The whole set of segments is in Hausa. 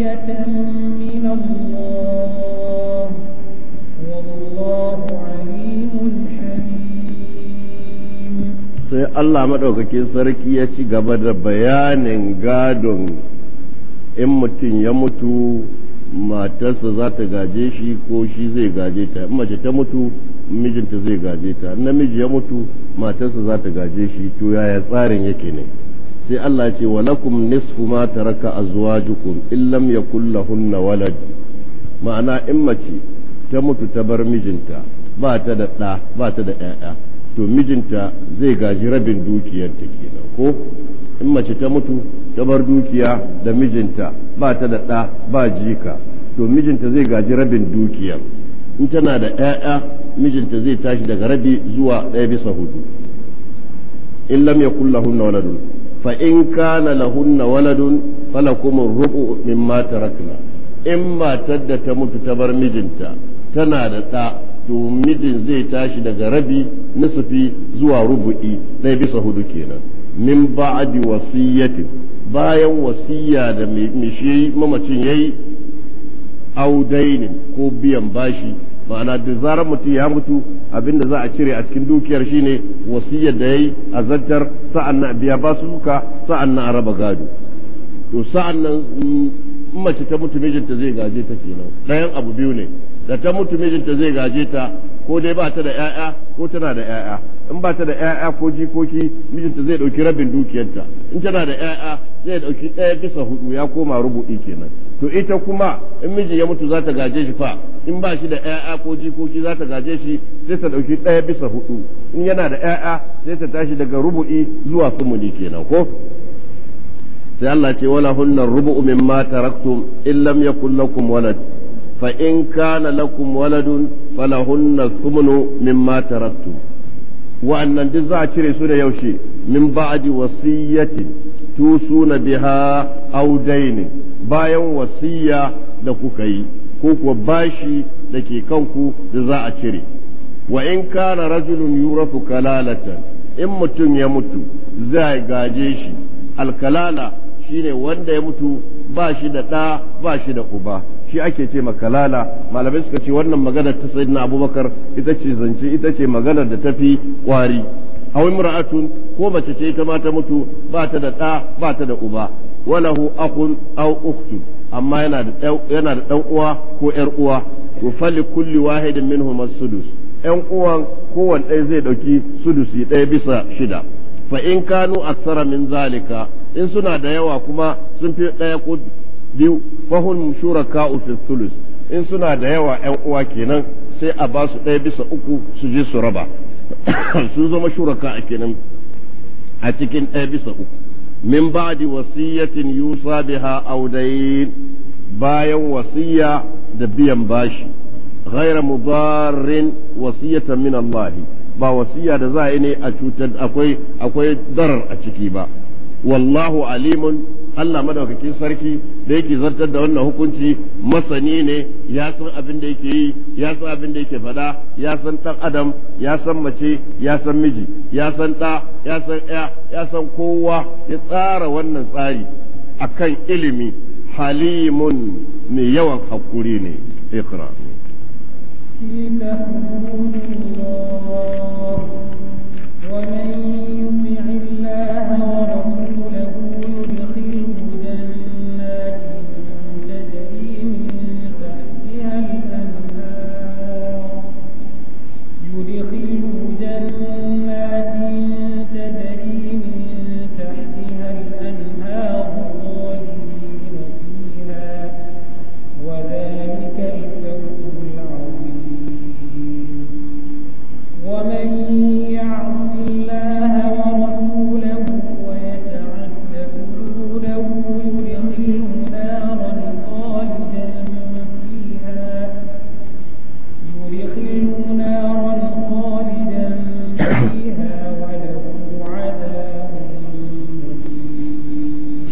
sai Allah maɗaukakin sarki ya ci gaba da bayanin gadon in mutum ya mutu matarsa za ta gaje shi ko shi zai gaje ta in mace ta mutu mijinta zai gaje ta namiji ya mutu matarsa za ta gaje shi to yaya tsarin yake ne sai Allah ya ce wa lakum nisfu ma taraka azwajukum in lam yakul lahunna walad ma'ana in mace ta mutu ta bar mijinta ba ta da ɗa ba ta da ƴaƴa to mijinta zai gaji rabin dukiyar ta kenan ko in mace ta mutu ta bar dukiya da mijinta ba ta da ɗa ba jika to mijinta zai gaji rabin dukiyar in tana da ƴaƴa mijinta zai tashi daga rabi zuwa ɗaya bisa hudu in lam yakul lahunna waladun fa in kana lahunna waladun falakum rubu mata tarakna in matar da ta mutu ta bar mijinta tana da ɗa to mijin zai tashi daga rabi nisufi zuwa rubu'i ɗaya bisa hudu kenan min ba'di wasiyatin bayan wasiyya da mishi mamacin yayi audainin ko biyan bashi ma'ana da zarar mutum ya mutu abin da za a cire a cikin dukiyar shine wasiyar da yayi a zartar sa'an nan biya ba su suka sa'an nan a raba gado to sa'an nan mm, mace ta mutu mijinta zai gaje ta kenan ɗayan abu biyu ne da ta mutu mijinta zai gaje ta ko dai ba ta da ƴaƴa ko tana da ƴaƴa in ba ta da ƴaƴa ko jikoki mijinta zai ɗauki rabin dukiyarta in tana da ƴaƴa zai ɗauki ɗaya bisa hudu ya koma rubu'i kenan to ita kuma in mijin ya mutu za ta gaje shi fa in ba shi da ƴaƴa ko jikoki za ta gaje shi sai ta ɗauki ɗaya bisa hudu in yana da ƴaƴa sai ta tashi daga rubu'i zuwa sumuni kenan ko sai Allah ce wala hunnar rubu'u mimma taraktum in lam yakul lakum walad fa in kana lakum waladun falahun thumnu mimma tarattu wa annan din za a cire su da yaushe min ba'di wasiyyati tu suna biha aw daini bayan wasiyya da kuka yi ko ko bashi dake kanku da za a cire wa in kana rajulun yurafu kalalatan in mutum ya mutu za gaje shi alkalala shine wanda ya mutu bashi da da bashi da uba shi ake ce makalala malamai suka ce wannan maganar ta na abubakar ita ce zance ita ce maganar da tafi kwari hawai mura'atu ko mace ce ta mata mutu ba ta da ɗa ba ta da uba walahu akun au uktu amma yana da ɗan uwa ko yar uwa to fali kulli wahidin minhum as-sudus yan uwan kowanne ɗaya zai ɗauki sudusi ɗaya bisa shida fa in kanu aksara min zalika in suna da yawa kuma sun fi ɗaya ko biyu fahun shuraka fi tulus in suna da yawa yan uwa kenan sai a ba su ɗaya bisa uku su je su raba su zama shuraka a kenan a cikin ɗaya bisa uku min ba'di wasiyatin yusa biha aw bayan wasiya da biyan bashi غير mudarrin wasiyatan min الله ba wasiya da za a yi ne a cutar akwai akwai darar a ciki ba wallahu alimun Allah madaukakin sarki da yake zartar da wannan hukunci masani ne ya san abin da yake yi ya san abin da yake faɗa ya san ɗan adam ya san mace ya san miji ya san ɗa ya san ya ya san kowa ya tsara wannan tsari akan ilimi halimun mai yawan hakuri ne ikra ومن يطع الله ورسوله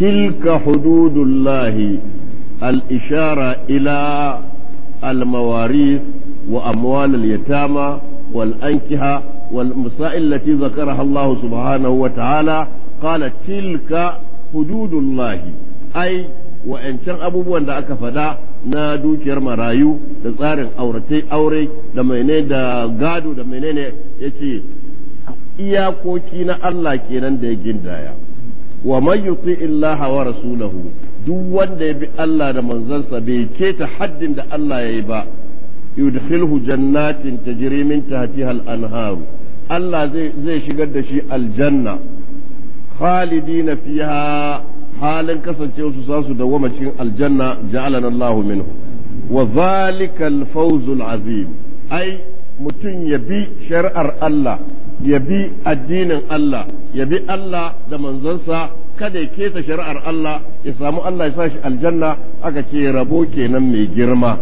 تلك حدود الله الإشارة إلى المواريث وأموال اليتامى والأنكهة والمسائل التي ذكرها الله سبحانه وتعالى قال تلك حدود الله أي wa'ancan abubuwan da aka faɗa na dukiyar marayu da tsarin aure da mene da gado da menene ya ce iyakoki na Allah kenan da ya gindaya wa man yuti illaha wa rasulahu duk wanda ya bi Allah da manzansa bai keta haddin da Allah ya yi ba yudkhilhu jannatin tajri min tahtiha al-anharu Allah zai shigar da shi aljanna khalidina fiha halin kasancewa su sasu dawwama cikin aljanna ja'alana Allah minhu wa zalika al-fawz al-azim ai mutum ya bi shari'ar Allah ya bi addinin Allah ya bi Allah da manzonsa kada ya kesa shari'ar Allah ya samu Allah ya sa shi aljanna aka ce rabo kenan mai girma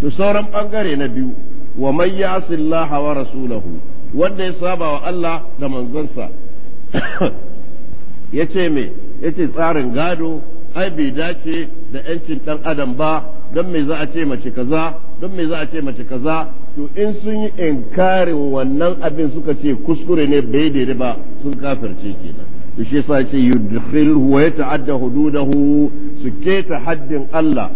to sauran bangare na biyu wa man ya'si Allah wa rasulahu wanda ya saba wa Allah da manzonsa yace me yace tsarin gado ai bai dace da yancin ɗan adam ba don me za a ce mace kaza don me za a ce mace kaza to in sun yi inkarin wannan abin suka ce kuskure ne bai daidai ba sun kafirce kenan to shi yasa ce yudkhilhu wa yata'adda hududahu su keta haddin Allah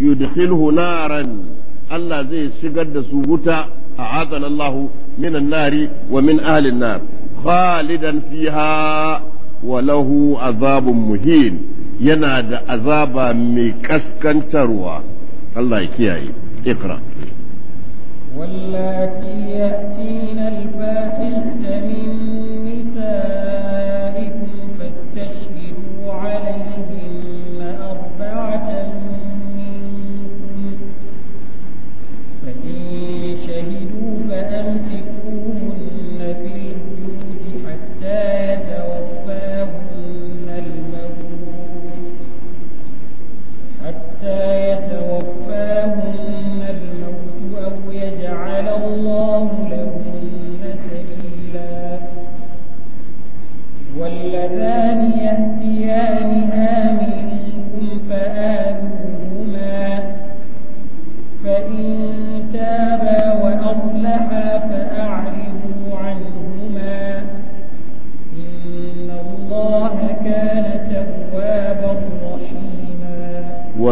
yudkhilhu naran Allah zai shigar da su wuta a Allah minan nari wa min ahli nar khalidan fiha wa lahu azabun muhin yana da azaba mai kaskantarwa Allah ya kiyaye ikra واللاتي يأتين الفاحشة من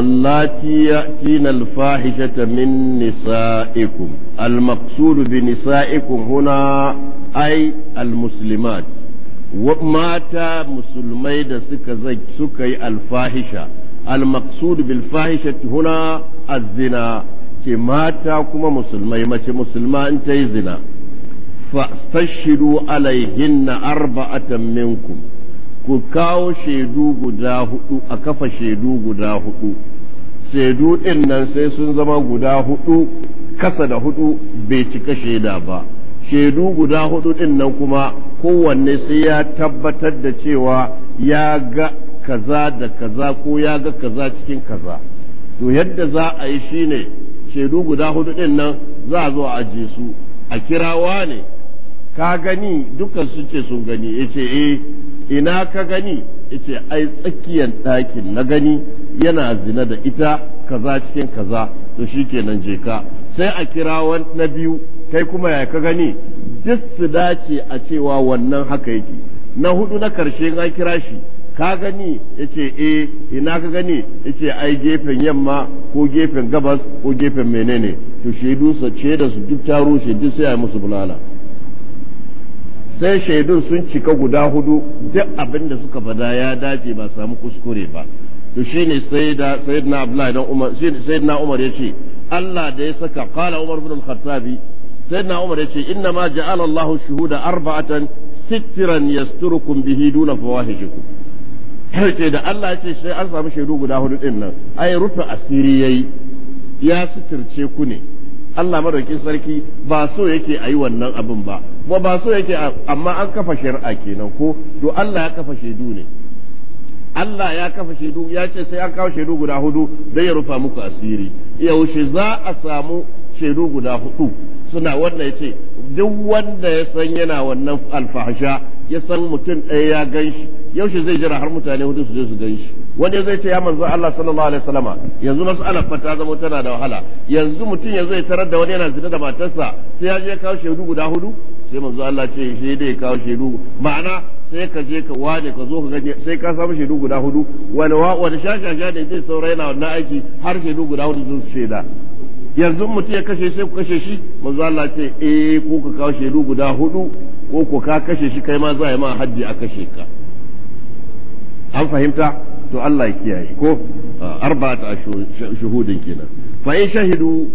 اللاتي يأتين الفاحشة من نسائكم المقصود بنسائكم هنا أي المسلمات ومات مسلمي دا سكا سكي الفاحشة المقصود بالفاحشة هنا الزنا مات كما مسلمي مات مسلمة انت زنا فاستشهدوا عليهن أربعة منكم ku kawo shaidu guda hudu a kafa shaidu guda hudu shaidu ɗin nan sai sun zama guda hudu kasa da hudu bai cika shaida ba shaidu guda hudu ɗin nan kuma kowanne sai ya tabbatar da cewa ya ga kaza da kaza ko ya ga kaza cikin kaza to yadda za a yi shine shaidu guda hudu ɗin nan za a zo a aje su a kirawa ne ka gani dukkan su ce sun gani ya ce eh ina ka gani yace ai tsakiyar ɗakin na gani yana zina da ita kaza cikin kaza to shikenan je ka sai a kira wani na biyu kai kuma ya ka gani duk su dace a cewa wannan haka yake na hudu na karshe an kira shi ka gani yace e ina ka gani yace ai gefen yamma ko gefen gabas ko gefen menene to shaidu su da su duk taro shaidu sai a musu bulala sai shaidun sun cika guda hudu duk abin da suka fada ya dace ba samu kuskure ba to shine sayyida sayyidina abdullahi dan umar sayyidina umar yace Allah da ya saka qala umar ibn al-khattabi sayyidina umar yace inna ma ja'ala Allah shuhuda arba'atan sitran yasturukum bihi duna fawahishikum yace da Allah yace sai an samu shaidu guda hudu din nan ai rufe asiri yayi ya suturce ku ne Allah madaukin sarki ba so yake a yi wannan abin ba ba ba so yake amma an kafa shari'a kenan ko to Allah ya kafa shaidu ne Allah ya kafa shaidu ya ce sai an kawo shaidu guda hudu don ya rufa muku asiri yaushe za a samu shaidu guda hudu suna wannan ya ce duk wanda ya san yana wannan alfahasha ya san mutum ɗaya ya gan shi yaushe zai jira har mutane hudu su je su gan shi wani zai ce ya manzo Allah sallallahu alaihi wasallama yanzu mas'alar fa ta zama tana da wahala yanzu mutum ya zai tarar da wani yana zina da matarsa sai ya je kawo shaidu guda hudu sai manzo Allah ce shi dai kawo shaidu ma'ana sai ka je ka wane ka zo ka gani sai ka samu shaidu guda hudu wani wani shashasha ne zai saura yana wannan aiki har shaidu guda hudu sun shaida yanzu mutum ya kashe sai ku kashe shi manzo Allah ce eh ko ka kawo shaidu guda hudu ko ku ka kashe shi kai ma za a yi ma haddi a kashe ka an fahimta to Allah ya kiyaye ko arba'ata shuhudin kenan fa in shahidu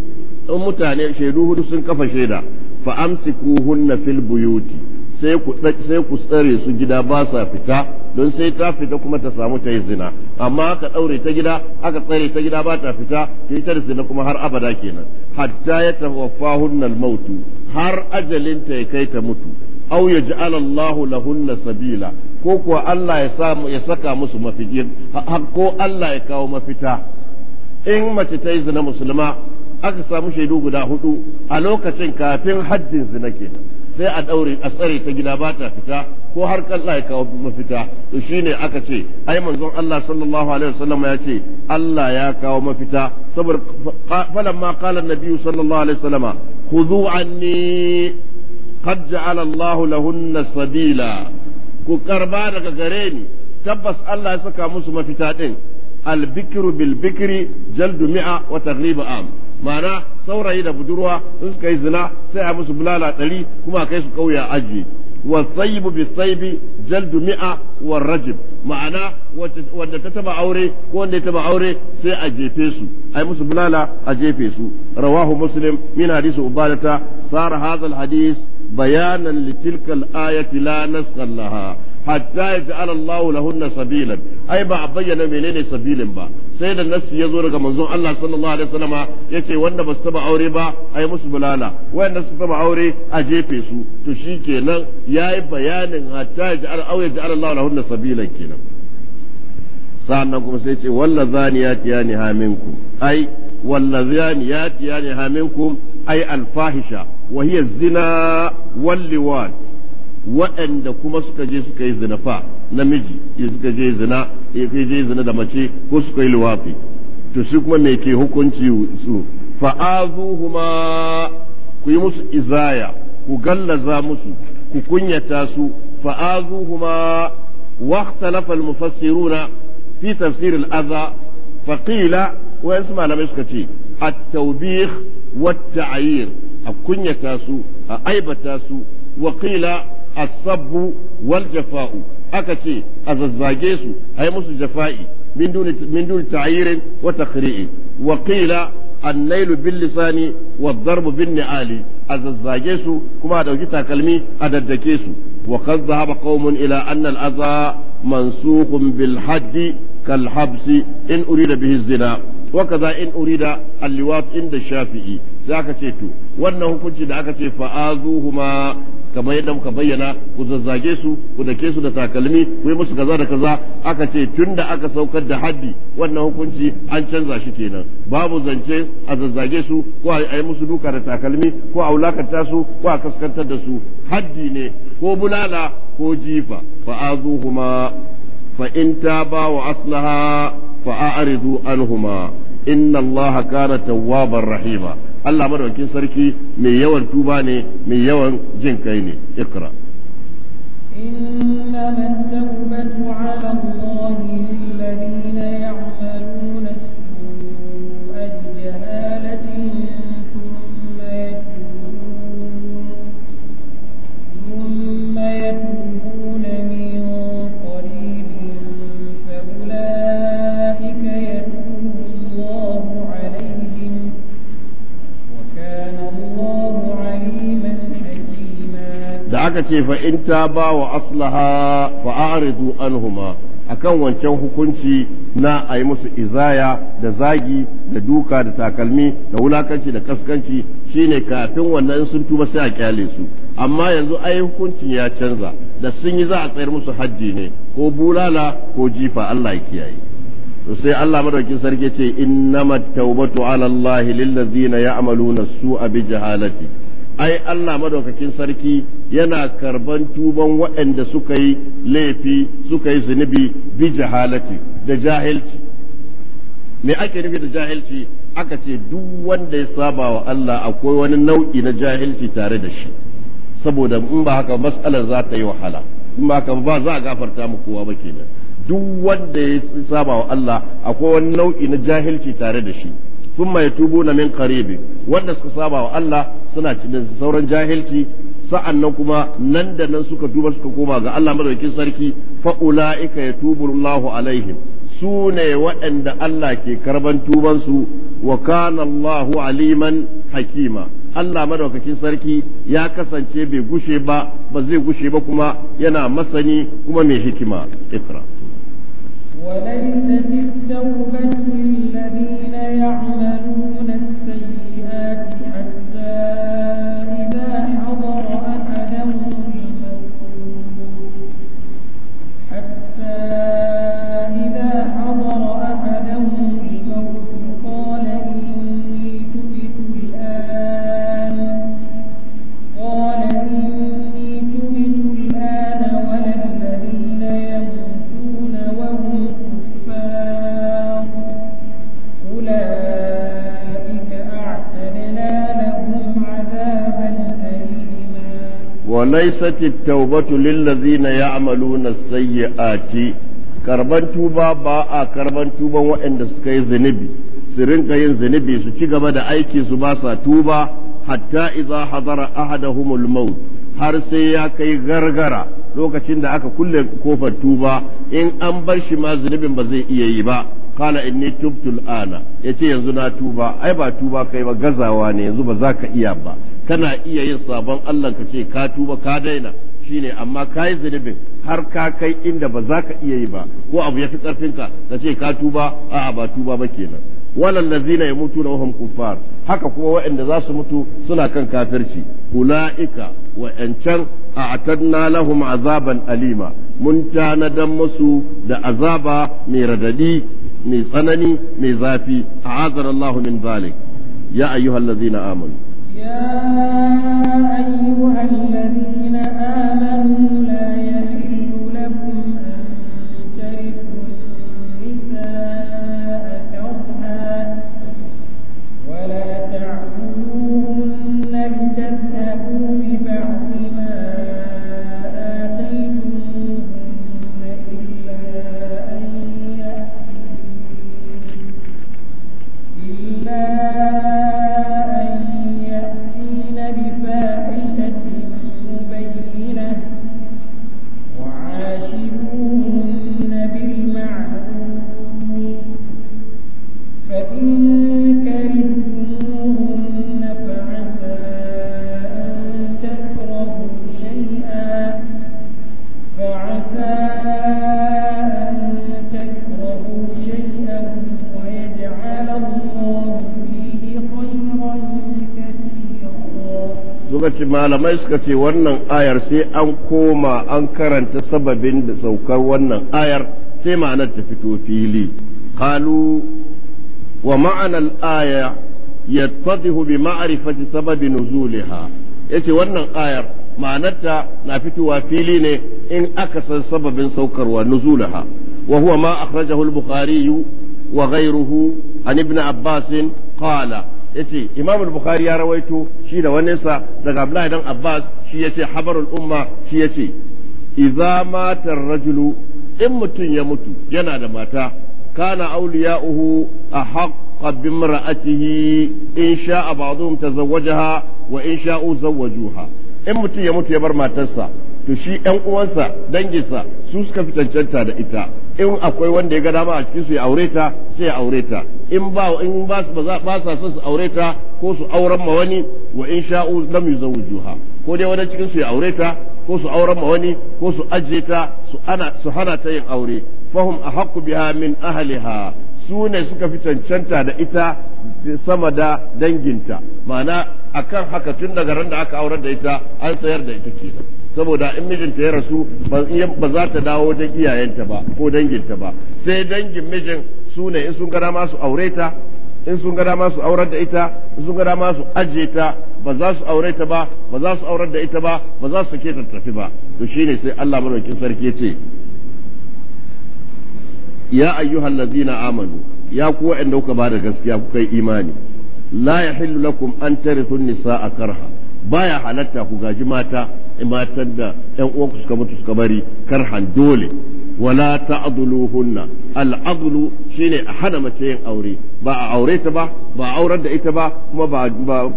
mutane shaidu hudu sun kafa shaida fa amsikuhunna fil buyuti sai ku sai ku tsare su gida ba sa fita don sai ta fita kuma ta samu ta yi zina amma aka daure ta gida aka tsare ta gida ba ta fita ta yi ta zina kuma har abada kenan hatta ya hunna al-maut har ajalin ta ya kai ta mutu aw yaj'al Allah lahunna sabila ko kuwa Allah ya samu ya saka musu mafijin ko Allah ya kawo mafita in mace ta yi zina musulma aka samu shaidu guda hudu a lokacin kafin haddin zina kenan sai a daure a tsare ta gida ba ta fita ko har Allah ya kawo mafita to shine aka ce ai manzon Allah sallallahu alaihi wasallam ya ce Allah ya kawo mafita saboda falamma qala nabi'u nabi sallallahu alaihi wasallam khudhu anni qad ja'ala Allah lahunna sabila ku karba daga gare ni tabbas Allah ya saka musu mafita din albikiru bilbikiri jaldu mi'a wa taghribu am ma'ana saurayi da budurwa in suka yi zina sai a musu bulala ɗari kuma kai su kauya aji wa sayibu bi sayibi jaldu mi'a wa rajib ma'ana wanda ta taba aure ko wanda ya taba aure sai a jefe su ai musu bulala a jefe su rawahu muslim min hadisi ubadata sara hadha al bayanan li tilka al la nasqa laha hatta yaj'ala Allah lahunna sabilan ai ba a bayyana menene sabilin ba sai da nassi ya zo daga manzon Allah sallallahu alaihi ya ce wanda ba su taba aure ba ai musu bulala wanda su taba aure a jefe su to shikenan yayi bayanin hatta yaj'ala aw yaj'ala Allah lahunna sabilan kenan sa'annan kuma sai ce walla zaniyati yani haminkum ai walla zaniyati yani haminkum ai alfahisha wa hiya zina wal liwat waɗanda kuma suka je suka yi zina fa namiji suka je zina suka je zina da mace ko suka yi luwafi to shi kuma me ke hukunci su fa'azuhuma ku yi musu izaya ku gallaza musu ku kunyata su fa'azuhuma واختلف المفسرون في تفسير الأذى فقيل ويسمع لم يسكتي a kunyata su a aibata su وقيل asabu wal jafa'u aka ce a zazzage su ai musu jafa'i min duni min wa takhri'in wa qila annailu bil lisani wa darbu bin ni'ali a zazzage su kuma a dauki takalmi a daddake su wa qad dhahaba qaumun ila anna al-adha mansukhun bil haddi kal habsi in urida bihi zina wa kaza in urida alliwat inda shafi'i zaka ce to wannan hukunci da aka ce fa'azuhuma kamar yadda muka bayyana ku zazzage su ku dake su da takalmi ku yi musu kaza da kaza aka ce tun da aka saukar da haddi wannan hukunci an canza shi kenan babu zance a zazzage su ko a yi musu duka da takalmi ko a wulakanta su ko a kaskantar da su haddi ne ko bulala ko jifa fa'azuhuma فإن تابا وأصلها فأعرضوا عنهما إن الله كان توابا رحيما الله مدوكين سركي من يوان توباني من يوان جنكيني اقرأ إنما التوبة على الله للذين يعملون السوء بجهالة ثم يتوبون ثم يتوبون aka ce fa in ta ba wa aslaha fa a'ridu anhuma akan wancan hukunci na a yi musu izaya da zagi da duka da takalmi da wulakanci da kaskanci shine kafin wannan sun tuba sai a kyale su amma yanzu ai hukuncin ya canza da sun yi za a tsayar musu hajji ne ko bulala ko jifa Allah ya kiyaye to sai Allah madaukin sarki ce innamat tawbatu ala Allah lil ladzina ya'maluna su'a bi jahalati ai Allah madaukakin sarki yana karban tuban waɗanda suka yi laifi suka yi zunubi bi jahalati da jahilci me ake nufi da jahilci aka ce duk wanda ya saba wa Allah akwai wani nau'i na jahilci tare da shi saboda in ba haka mas'alar za ta yi wahala in ba haka ba za a gafarta mu kowa ba kenan duk wanda ya saba wa Allah akwai wani nau'i na jahilci tare da shi tubu na min karibi wanda suka saba wa Allah suna cikin sauran jahilci sa'annan kuma nan da nan suka tuba suka koma ga Allah madaukakin sarki fa ulaika yatubu Allahu alaihim su ne waɗanda Allah ke karban tuban wa kana Allahu aliman hakima Allah madaukakin sarki ya kasance bai gushe ba ba zai gushe ba kuma yana masani kuma mai hikima ikra وليست التوبة للذين يعملون السوء وليست التوبة للذين يعملون السيئات karban tuba ba a karban tuban waɗanda suka yi zunubi su rinka yin zunubi su ci gaba da aiki su ba sa tuba hatta iza hadara ahadahumul maut har sai ya kai gargara lokacin da aka kulle kofar tuba in an bar shi ma zunubin ba zai iya yi ba kala inni tubtul ana yace yanzu na tuba ai ba tuba kai ba gazawa ne yanzu ba za ka iya ba kana iya yin sabon Allah ka ce ka tuba ka daina shine amma ka yi zunubin har ka kai inda ba za ka iya yi ba ko abu ya fi ƙarfinka ka ce ka tuba a'a ba tuba ba kenan wannan lazina ya mutu na wahum kuffar haka kuma waɗanda za su mutu suna kan kafirci ula'ika wa'ancan a atadna lahum azaban alima mun tanadan musu da azaba mai radadi mai tsanani mai zafi a'azara Allah min zalik ya ayyuhal ladzina amanu يا أيها الذين آمنوا suka ce malamai suka ce wannan ayar sai an koma an karanta sababin da saukar wannan ayar sai ma'anar ta fito fili qalu wa ma'anar aya yattadihu bi ma'arifati sababi nuzuliha yace wannan ayar ma'anarta na fitowa fili ne in aka san sababin saukarwa nuzulaha wa huwa ma akhrajahu al-bukhari wa ghayruhu an ibn abbas qala yace Imam al-Bukhari ya rawaito shi da wannan sa daga Abdullah dan Abbas shi yace habarul umma shi yace idza mata ar-rajulu in mutum ya mutu yana da mata kana awliya'uhu ahaqqa bimra'atihi in sha'a ba'dhum tazawwajaha wa in sha'u zawwajuha in mutum ya mutu ya bar matarsa to shi ƴan uwansa danginsa su suka fi cancanta da ita in akwai wanda ya ga dama a cikin su ya aure ta sai ya aure ta in ba in ba su ba sa son su aure ta ko su auren ma wani wa in sha'u lam yuzawwijuha ko dai wani cikin su ya aure ta ko su auren ma wani ko su ajiye ta su ana su hana ta yin aure fahum ahaqqu biha min ahliha su ne suka fi cancanta da ita sama da danginta ma'ana akan haka tun daga ran da aka aurar da ita an tsayar da ita kenan saboda in mijinta ya rasu ba za ta dawo wajen iyayenta ba ko danginta ba sai dangin mijin su ne in sun gada masu aure ta in sun gada masu aurar da ita in sun gada masu ajiye ta ba za su aure ta ba ba za su aurar da ita ba ba za su ke tattafi tafi ba to shi shine sai Allah madaukakin sarki ya ce ya ayyuhal ladina amanu ya ku wa'anda kuka bada da gaskiya kuka yi imani la yahillu lakum an tarithu nisaa karha baya halatta ku gaji mata matan da ƴan uwanku suka mutu suka bari karhan dole wala ta'dhuluhunna al'adlu shine a hana mace yin aure ba a aure ta ba ba a aurar da ita ba kuma ba ba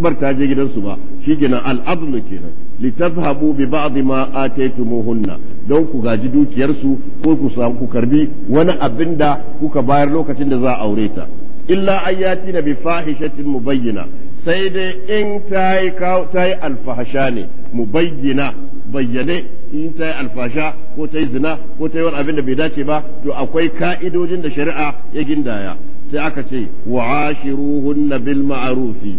bar ta je gidansu ba shikenan al'adlu kenan litazhabu bi ba'd ma ataytumuhunna don ku gaji dukiyarsu ko ku samu ku karbi wani abinda kuka bayar lokacin da za a aure ta illa ayati na bi fahishatin mubayyana sai dai in ta yi alfahasha ne mu bayyana bayyane in ta yi alfasha ko ta yi zina ko ta yi wani abin da bai dace ba to akwai ka'idojin da shari'a ya gindaya sai aka ce na bil ma'arufi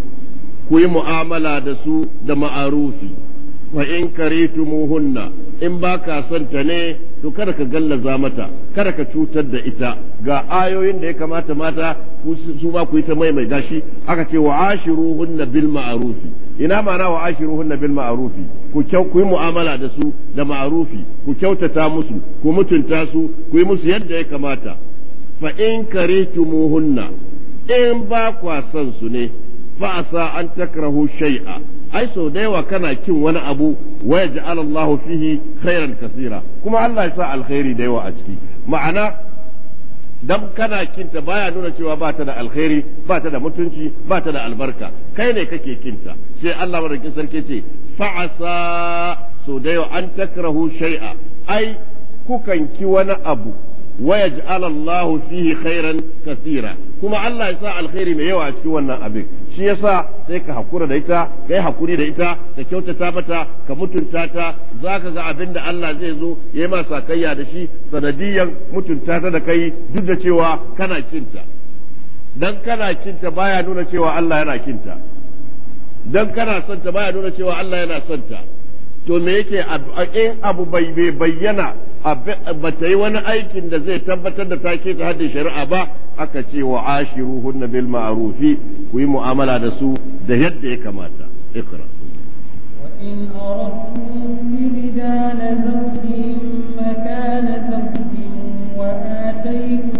ku yi mu'amala da su da ma'arufi fa in karitumuhunna in ba ka son ta ne to kada ka gallaza mata kada ka cutar da ita ga ayoyin da ya kamata mata su ba ku yi ta maimaita shi aka ce wa ashiruhunna bil ma'rufi ina mana wa ashiruhunna bil ma'rufi ku kyau ku yi mu'amala da su da ma'rufi ku kyautata musu ku mutunta su ku yi musu yadda ya kamata fa in karitumuhunna in ba kwa son su ne fa asa an takrahu shay'a ai so da yawa kana kin wani abu wa ja'ala Allah fihi khairan kasira kuma Allah ya sa alkhairi da yawa a ciki ma'ana dan kana kinta baya nuna cewa ba ta da alkhairi ba ta da mutunci ba ta da albarka kai ne kake kinta sai Allah madaukakin sarki ce fa'asa so da yawa an takrahu shay'a ai kukan ki wani abu Waya yaj'al fihi khairan kasira kuma Allah ya sa alkhairi mai yawa a cikin wannan abin shi yasa sai ka hakura da ita kai hakuri da ita ka kyautata mata ka mutunta ta zaka ga abin da Allah zai zo yayi ma sakayya da shi sanadiyan mutunta ta da kai duk da cewa kana kinta dan kana kinta baya nuna cewa Allah yana kinta dan kana son ta baya nuna cewa Allah yana son ta to me yake in abu bai bayyana ba ta yi wani aikin da zai tabbatar da ta ke ta haddin shari'a ba aka ce wa ashiru ashiruhunna bil ma'rufi ku yi mu'amala da su da yadda ya kamata ikra وإن أردتم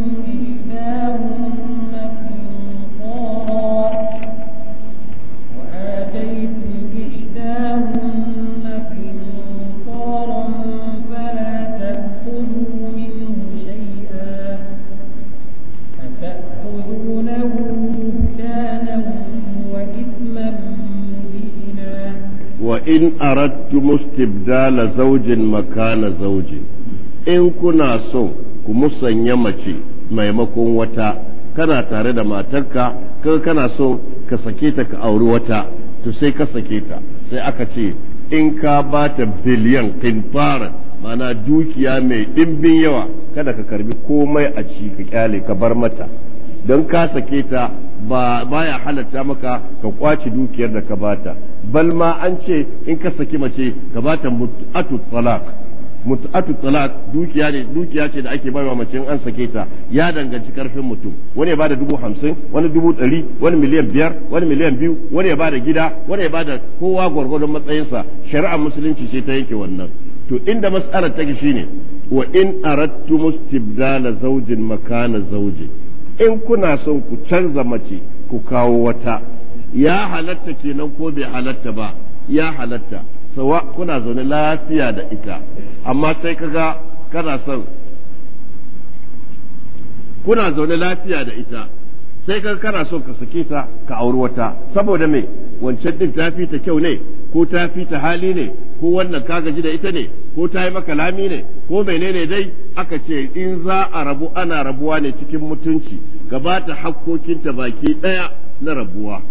in aradtum mustibdala zaujin makana zaujin in kuna so ku musanya mace maimakon wata kana tare da matarka kaga kana so ka sake ta ka auri wata to sai ka sake ta sai aka ce in ka ba ta biliyan fara mana dukiya mai dimbin yawa kada ka karbi komai a ci ka kyale ka bar mata don ka sake ta ba baya halatta maka ka kwace dukiyar da ka bata bal ma an ce in ka saki mace ka bata mut'atu talaq mut'atu talaq dukiya ne dukiya ce da ake bayarwa mace in an sake ta ya danganci karfin mutum wani ya bada dubu hamsin wani dubu ɗari wani miliyan biyar wani miliyan biyu wani ya bada gida wani ya bada kowa gwargwadon matsayinsa shari'ar musulunci ce ta yanke wannan to inda matsalar take shine wa in aradtum istibdala zawjin makana zawjin in kuna son ku canza mace ku kawo wata ya halatta kenan ko bai halatta ba ya halatta sawa kuna zaune lafiya da ita amma sai kaga kana son kuna zaune lafiya da ita sai ka kana so ka sake ta ka auri wata saboda me wancan din ta fita kyau ne ko ta fita hali ne ko wannan ka gaji da ita ne ko ta yi maka lami ne ko menene dai aka ce in za a rabu ana rabuwa ne cikin mutunci gaba ta gabata ta baki ɗaya na rabuwa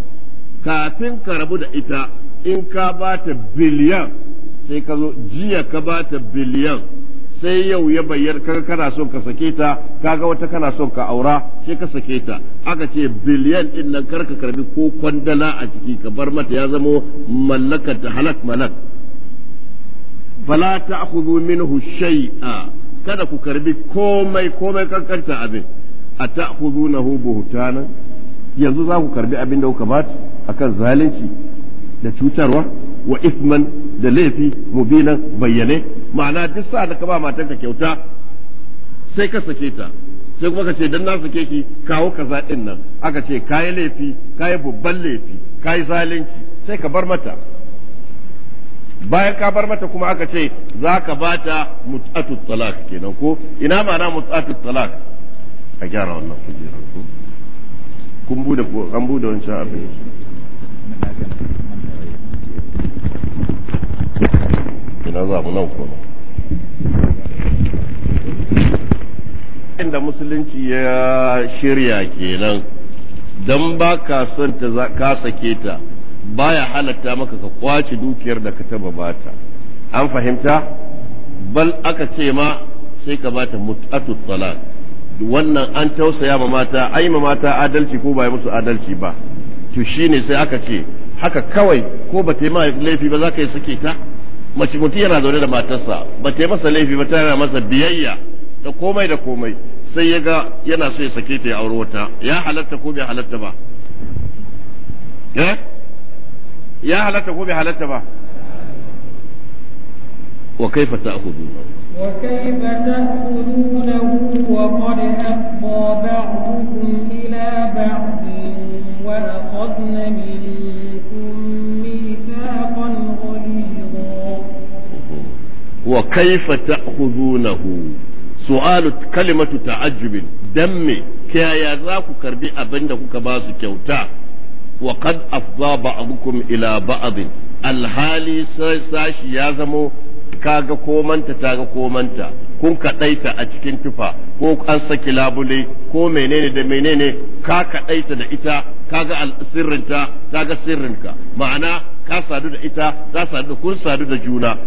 kafin ka rabu da ita in ka bata biliyan sai ka zo jiya ka bata biliyan sai yau ya bayyana kaga kana so ka sake ta kaga wata kana son ka aura sai ka sake ta aka ce biliyan din nan ka karbi ko kwandala a ciki ka bar mata ya zamo mallakar halak malak fala ta'khudhu minhu shay'a kada ku karbi komai komai kankanta abin a ta'khudhunahu buhtana yanzu za ku karbi abin da kuka bata akan zalunci da cutarwa wa isman da laifi mubinan bayyane ma'ana duk sa da ka ba matanka kyauta sai ka sake ta sai kuma ka ce dan na sake ki kawo kaza din nan aka ce kai laifi kai babban laifi kai zalunci sai ka bar mata bayan ka bar mata kuma aka ce za ka ba ta mut'atut talak kenan ko ina ma'ana mut'atut talak a gyara wannan kujerar kun bude ko an bude wancan abin na za mu nan kuma inda musulunci ya shirya kenan don ba ka son ta ka sake ta baya halatta maka ka kwace dukiyar da ka taba bata an fahimta bal aka ce ma sai ka bata mut'atu talak wannan an tausaya ma mata ai ma mata adalci ko ba musu adalci ba to shine sai aka ce haka kawai ko ba ta yi laifi ba za ka yi sake ta mace mutum yana zaune da matarsa ba ta masa laifi ba ta yana masa biyayya da komai da komai sai ya ga yana so ya sake ta ya auri wata ya halatta ko bai halatta ba eh? ya halatta ko bai halatta ba wa kaifa ta'khuduna وكيف تأكلونه وقد أفضى بعضكم إلى بعض وأخذن منكم wa kaifa ta'khudunahu su'alu kalimatu ta'ajjubin dan me kiyaya za ku karbi abin da kuka ba su kyauta wa qad afdha ba'dukum ila ba'd alhali sashi ya zamo kaga komanta taga komanta kun kaɗaita a cikin tufa ko an saki labule ko menene da menene ka kaɗaita da ita kaga sirrinta kaga sirrinka ma'ana ka sadu da ita za sadu da kun sadu da juna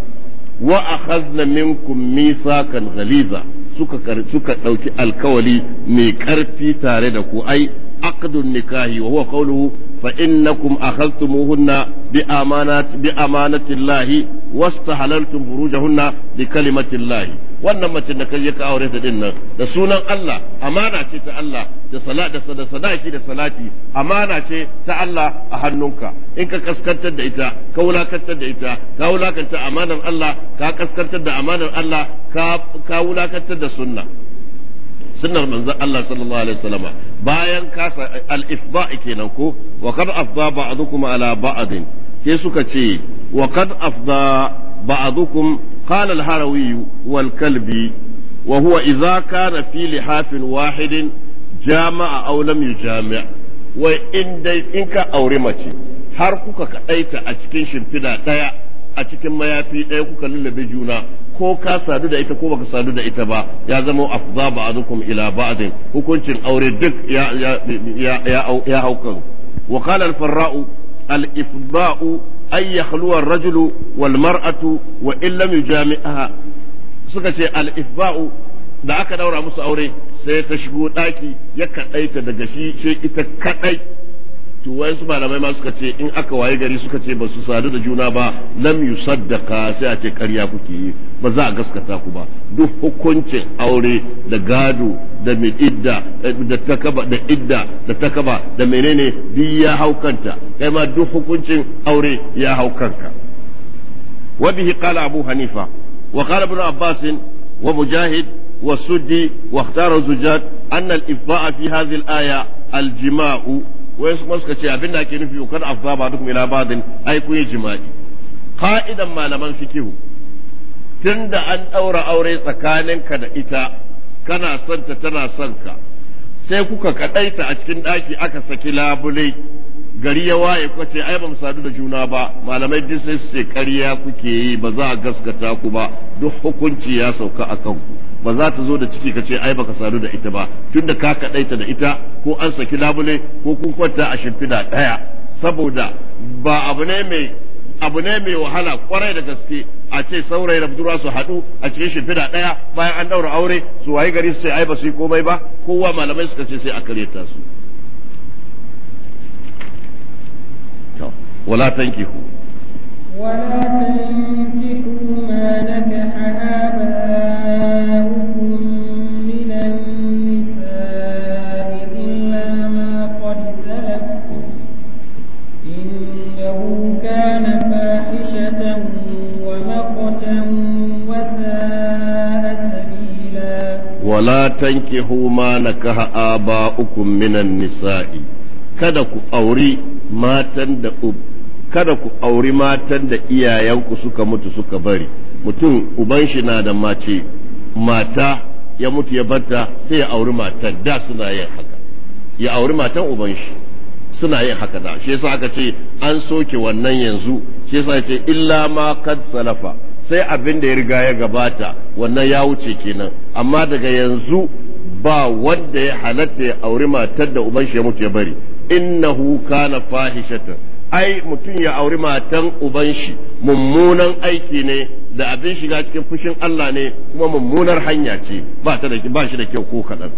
wa akhadna minkum mithaqan ghaliza suka suka dauki alkawali mai karfi tare da ku ai عقد النكاح وهو قوله فإنكم أخذتموهن بأمانة, بأمانة الله واستحللتم فروجهن بكلمة الله wannan mace da kai ka aure ta dinnan da sunan Allah amana ce ta Allah da sala da sadaki da salati amana ce ta Allah a hannunka in ka kaskantar da ita ka wulakantar da ita ka wulakanta amanar Allah ka kaskantar da amanar Allah ka wulakantar da sunna sunnar manzon Allah sallallahu alaihi bayan kasa al-ifda'i kenan ko wa kad afda ba'dukum ala ba'din sai suka ce wa kad afda ba'dukum qala al-harawi wal kalbi wa huwa idza kana fi lihafin wahidin jama'a aw lam yujami' wai in dai in ka aure mace har kuka kadaita a cikin shimfida daya a cikin mayafi ɗaya kuka lullube juna ko ka sadu da ita ko baka sadu da ita ba ya zama afza ba'dukum ila ba'din hukuncin aure duk ya ya ya ya hauka wa qala al-farra'u al-ifda'u ay yakhluwa ar-rajulu wal mar'atu wa in yujami'aha suka ce al-ifda'u da aka daura musu aure sai ta shigo daki ya kadaita daga shi sai ita kadai to wayansu malamai ma suka ce in aka waye gari suka ce ba su sadu da juna ba lam yusaddaka sai a ce karya kuke yi ba za a gaskata ku ba duk hukuncin aure da gado da idda eh, da takaba da idda da takaba da menene duk ya haukanta kai ma duk hukuncin aure ya haukanka wa bihi qala abu hanifa wa qala ibn abbas wa mujahid والسدي واختار الزجاج أن الإفضاء في هذه الآية الجماع wai su suka ce abin da ake nufi ukar afza ba duk ila badin ai ku yi jima'i ka'idan malaman fikihu tunda an daura aure tsakaninka da ita kana son ta tana son ka sai kuka kaɗaita a cikin ɗaki aka saki labule gari ya waye kuka ce ai ba mu sadu da juna ba malamai duk sai su ce ƙarya kuke yi ba za a gaskata ku ba duk hukunci ya sauka a kanku ba za ta zo da ciki ka ce ai baka sadu da ita ba tunda ka kaɗaita da ita ko an saki labule ko kun kwanta a shimfiɗa ɗaya saboda ba abu ne mai abu ne mai wahala kwarai da gaske a ce saurayi da budurwa su haɗu a cikin shimfiɗa ɗaya bayan an ɗaura aure su wayi gari su ce ai ba su yi komai ba kowa malamai suka ce sai a karyata su wala tanki ku. wala tanki ku ma nakaha aba'ukum ولا تنكحوا ما نكح آباؤكم من النساء kada ku auri matan da kada ku auri matan da iyayenku suka mutu suka bari mutum uban shi na da mace mata ya mutu ya barta sai ya auri matan da suna yin haka ya auri matan uban shi suna yin haka da shi yasa aka ce an soke wannan yanzu shi yasa ce illa ma kad salafa sai abin da ya riga ya gabata wannan ya wuce kenan amma daga yanzu ba wanda ya halatta ya auri matar da uban shi ya mutu ya bari innahu kana fahishatan ai mutum ya auri matan uban shi mummunan aiki ne da abin shiga cikin fushin Allah ne kuma mummunar hanya ce ba ta da ba shi da kyau ko kadan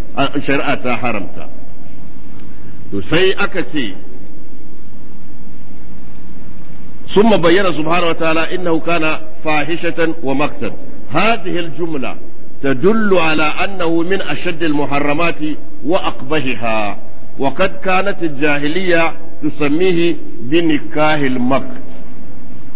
shari'a ta haramta to sai aka ce ثم بين سبحانه وتعالى انه كان فاحشه ومقتا هذه الجمله تدل على انه من اشد المحرمات واقبحها وقد كانت الجاهليه تسميه بنكاه المقت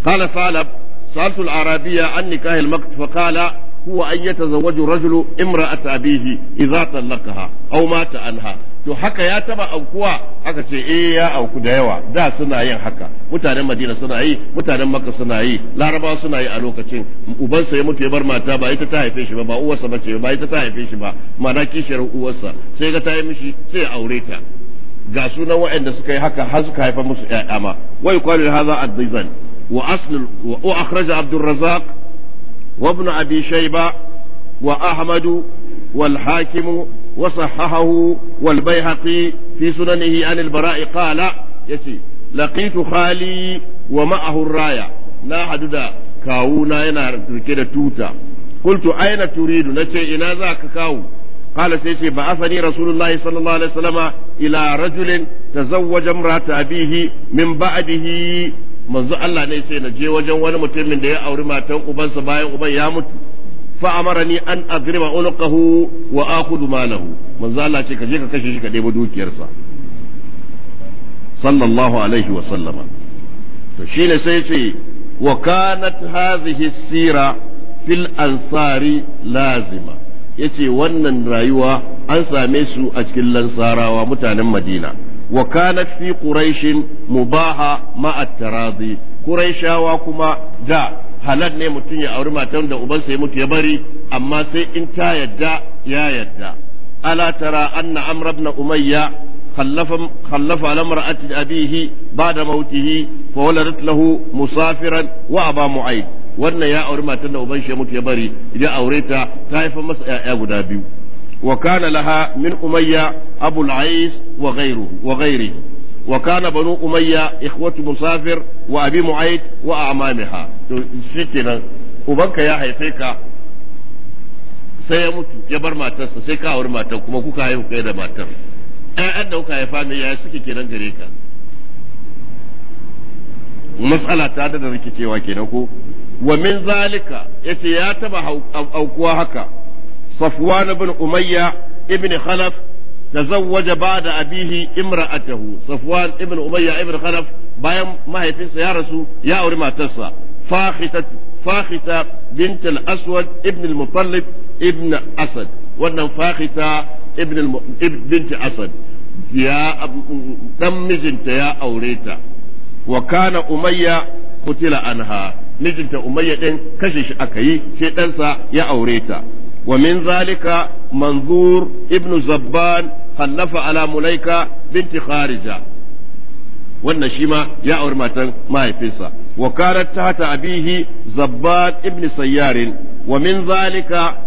قال ثعلب سالت الاعرابي عن نكاه المقت فقال huwa an yatazawwaju rajulu imra'ata abihi idza talaqaha auma mata anha to haka ya taba aukuwa aka ce eh ya auku da yawa da suna yin haka mutanen Madina suna yi mutanen Makka suna yi Laraba suna yi a lokacin ubansa ya mutu ya bar mata ba ita ta haife shi ba ba uwarsa bace ba ita ta haife shi ba mana kishiyar uwarsa sai ga ta yi mishi sai ya aure ta ga sunan waɗanda suka yi haka har suka haifa musu ƴaƴa ma wai qalu hadha ad wa asl wa akhraja Abdul وابن أبي شيبة وأحمد والحاكم وصححه والبيهقي في سننه عن البراء قال يتي لقيت خالي ومعه الراية لا حدد كاونا ينا كده توتا قلت أين تريد نتي إلى ذاك كاو قال سيتي بعثني رسول الله صلى الله عليه وسلم إلى رجل تزوج امرأة أبيه من بعده manzo Allah ne ce na je wajen wani mutumin da ya auri matan ubansa bayan uban ya mutu fa amarani an adriba unqahu wa akhudhu malahu manzo Allah ce ka je ka kashe shi ka debo dukiyarsa sallallahu alaihi wa sallama to shine sai ce wa kanat hadhihi sira fil ansari lazima yace wannan rayuwa an same su a cikin lansarawa mutanen Madina وكانت في قريش مباحة مع التراضي قريش وكما دا halal ne mutum ya auri matan da ubansa ya mutu ya bari amma sai in ta yadda ya yadda ala tara anna amr ibn umayya khallafa khallafa ala mar'ati abihi ba'da mautihi fa waladat lahu musafiran wa aba mu'ayd wanda ya auri matan da ubansa ya mutu ya bari idan aureta ta haifa masa ƴaƴa guda biyu وكان لها من أمية أبو العيس وغيره وغيره وكان بنو أمية إخوة مسافر وأبي معيد وأعمامها شكرا ubanka ya haife ka sai ya mutu ya bar matarsa sai ka auri matar kuma kuka haihu kai da matar ƴaƴan da kuka haifa mai yaya suke kenan gare ka matsala ta da rikicewa kenan ko wa min zalika yace ya taba aukuwa haka صفوان بن أمية ابن خلف تزوج بعد أبيه امرأته صفوان ابن أمية ابن خلف بايم ما هي في يا رسول يا أولي ما تسا فاخته فاخته بنت الأسود ابن المطلب ابن أسد wannan fakita ibn asad ya dan mijinta ya aure ta wa kana umayya kutila anha mijinta umayya din kashe shi aka yi sai ɗansa ya aure ta ومن ذلك منظور ابن زبان خلف على مليكة بنت خارجة wannan shi ma ya auri matan mahaifinsa wa karat tahta abihi zabban ibn sayyarin wa min zalika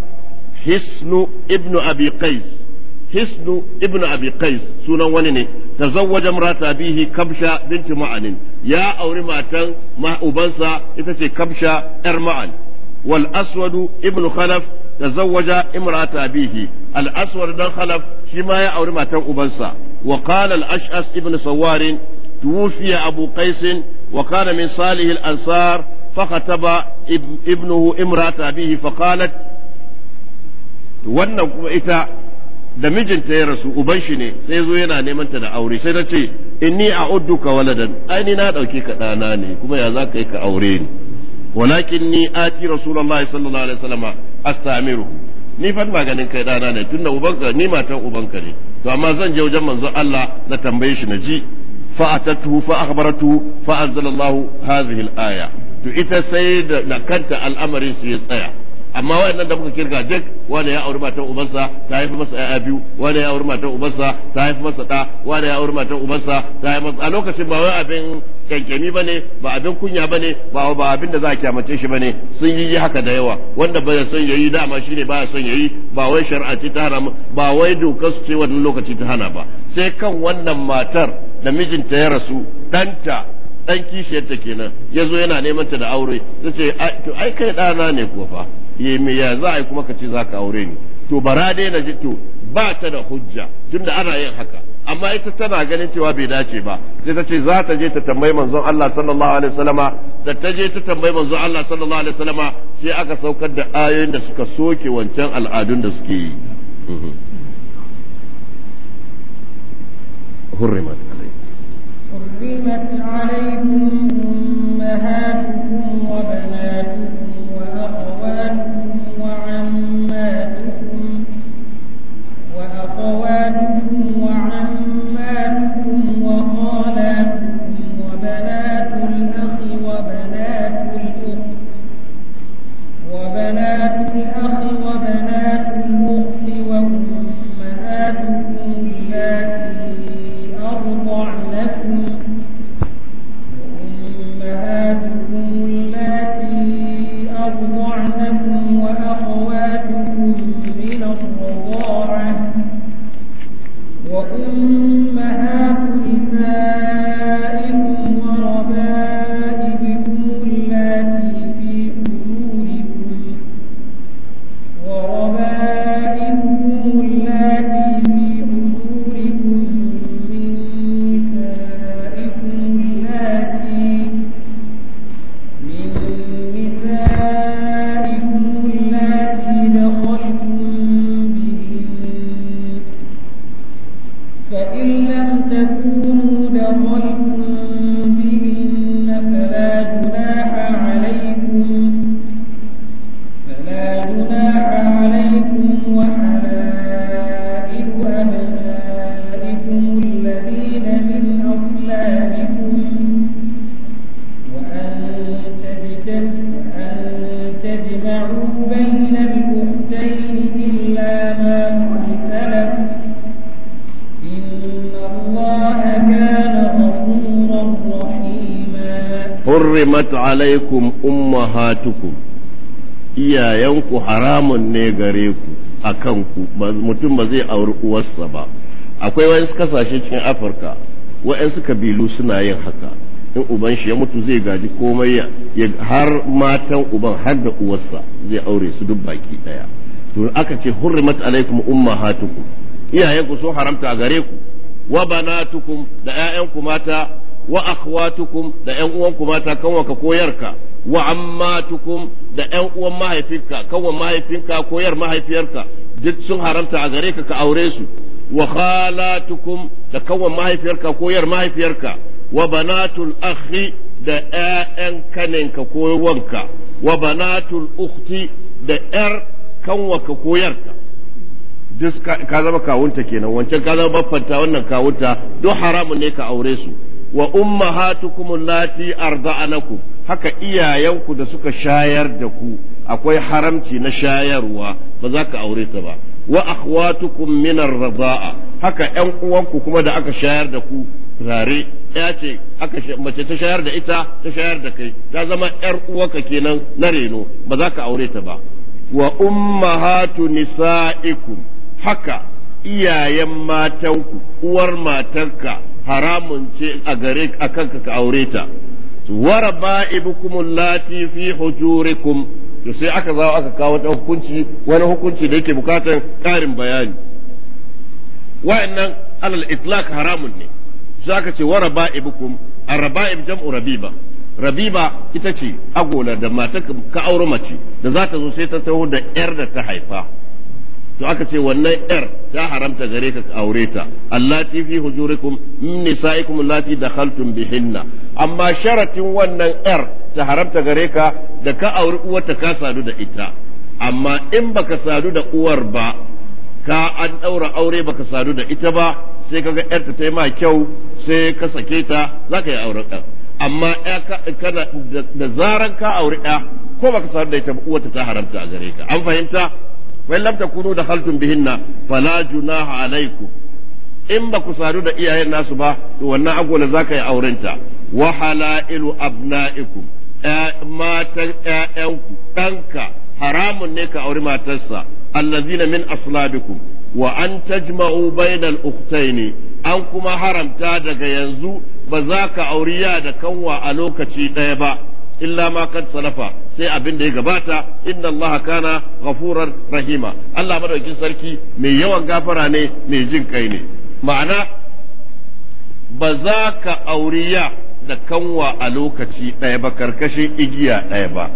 hisnu ibn abi qais hisnu ibn sunan wani ne tazawwaja imrata abihi kabsha binti ma'anin ya auri matan ubansa ita ce kabsha yar ma'an wal aswadu ibnu khalaf da imra'ata Imratabihi, al aswad dan khalaf shi ma ya auri matan ubansa wa qala al ash'as ibnu sawarin توفي أبو قيس وكان من صالح الأنصار فخطب ابنه امرأة أبيه wannan kuma ita da mijinta ya rasu uban shi ne sai zo yana neman ta da aure sai ta ce inni a udduka waladan ai ni na dauke ka dana ne kuma ya za ka yi ka aure ni walakinni ati rasulullahi sallallahu alaihi wasallam astamiruhu ni fa ba ganin kai dana ne tunda ubanka ni matan ubanka ne to amma zan je wajen manzon Allah na tambaye shi na ji fa atatuhu fa akhbaratuhu fa aya to ita sai da kanta al'amarin su ya tsaya amma waɗannan da muka kirga duk wani ya auri matan ubansa ta haifi masa ƴaƴa biyu wani ya auri matan ubansa ta haifi masa ɗa wani ya auri matan ubansa ta haifi masa a lokacin ba wai abin kyankyami bane ba abin kunya bane ba ba abin da za a kyamace shi bane sun yi haka da yawa wanda baya son ya yi dama shine baya son ya yi ba wai shar'aci ta hana ba wai dokar su ce wannan lokaci ta hana ba sai kan wannan matar da mijinta ya rasu ɗanta ɗan kishiyarta kenan ya zo yana neman ta da aure ta ce to ai kai ɗana ne ko fa ya me ya za a yi kuma ka ce za ka aure ni to bara dai na ji to ba ta da hujja tun da ana yin haka amma ita tana ganin cewa bai dace ba sai ta ce za ta je ta tambayi manzon Allah sallallahu alaihi wasallama da ta je ta tambayi manzon Allah sallallahu alaihi wasallama sai aka saukar da ayoyin da suka soke wancan al'adun da suke yi mhm. hurrimat عليكم alaikum ummahatukum iyayenku haramun ne gare ku a kanku mutum ba zai auri uwarsa ba akwai wasu kasashe cikin afirka wa'yansu kabilu suna yin haka in uban shi ya mutu zai gaji komai ya har matan uban har da uwarsa zai aure su duk baki daya to aka ce hurrimat alaikum ummahatukum iyayenku sun haramta gare ku wa banatukum da 'ya'yanku mata wa akhwatukum da ƴan uwanku mata kanwaka ko yarka wa ammatukum da ƴan uwan mahaifinka kanwan mahaifinka koyar mahaifiyarka duk sun haramta a gare ka ka aure su wa khalatukum da kanwan mahaifiyarka koyar mahaifiyarka wa banatul akhi da ƴaƴan kaninka ko wanka wa banatul ukhti da ƴar kanwaka ko yarka duk ka zama kawunta kenan wancan ka zama baffanta wannan kawunta duk haramun ne ka aure su wa ummahatukum allati arda'anakum haka iyayenku da suka shayar da ku akwai haramci na shayarwa ba za ka aure ta ba wa akhwatukum min arda'a haka ƴan uwanku kuma da aka shayar da ku Rare ya ce aka mace ta shayar da ita ta shayar da kai ta zama ƴar uwanka kenan na reno ba za ka aure ta ba wa ummahatu nisa'ikum haka iyayen matanku uwar matarka haramun ce a gare a kanka ka aure ta wara ba'ibukum allati fi hujurikum to sai aka zawo aka kawo ta hukunci wani hukunci da yake bukatar karin bayani wa'annan alal itlaq haramun ne sai aka ce wara ba'ibukum arba'ib jam'u rabiba rabiba ita ce agola da matar ka aure mace da zata ta zo sai ta taho da yar da ta haifa to aka ce wannan yar ta haramta gare ka aure ta allati fi hujurikum min nisaikum allati dakhaltum bihinna amma sharatin wannan yar ta haramta gare ka da ka auri ta ka sadu da ita amma in baka sadu da uwar ba ka an daura aure baka sadu da ita ba sai kaga yar ta kyau sai ka sake ta zaka yi auren amma kana da zaran ka auri ɗa ko baka sadu da ita ba ta ta haramta a gare ka an fahimta wa lam takunu dakhaltum bihinna fala junaha alaikum in ba ku sadu da iyayen nasu ba to wannan agola zaka yi aurenta wa halailu abnaikum matan ƴaƴanku ɗanka haramun ne ka auri matarsa allazina min aslabikum wa an tajma'u bainal ukhtaini an kuma haramta daga yanzu ba za ka auri ya da kanwa a lokaci ɗaya ba illa ma kad salafa sai abin da ya gabata inna Allah kana ghafurar rahima Allah madaukin sarki mai yawan gafara ne mai jin kai ne ma'ana ba za ka auriya da kanwa a lokaci ɗaya ba karkashin igiya ɗaya ba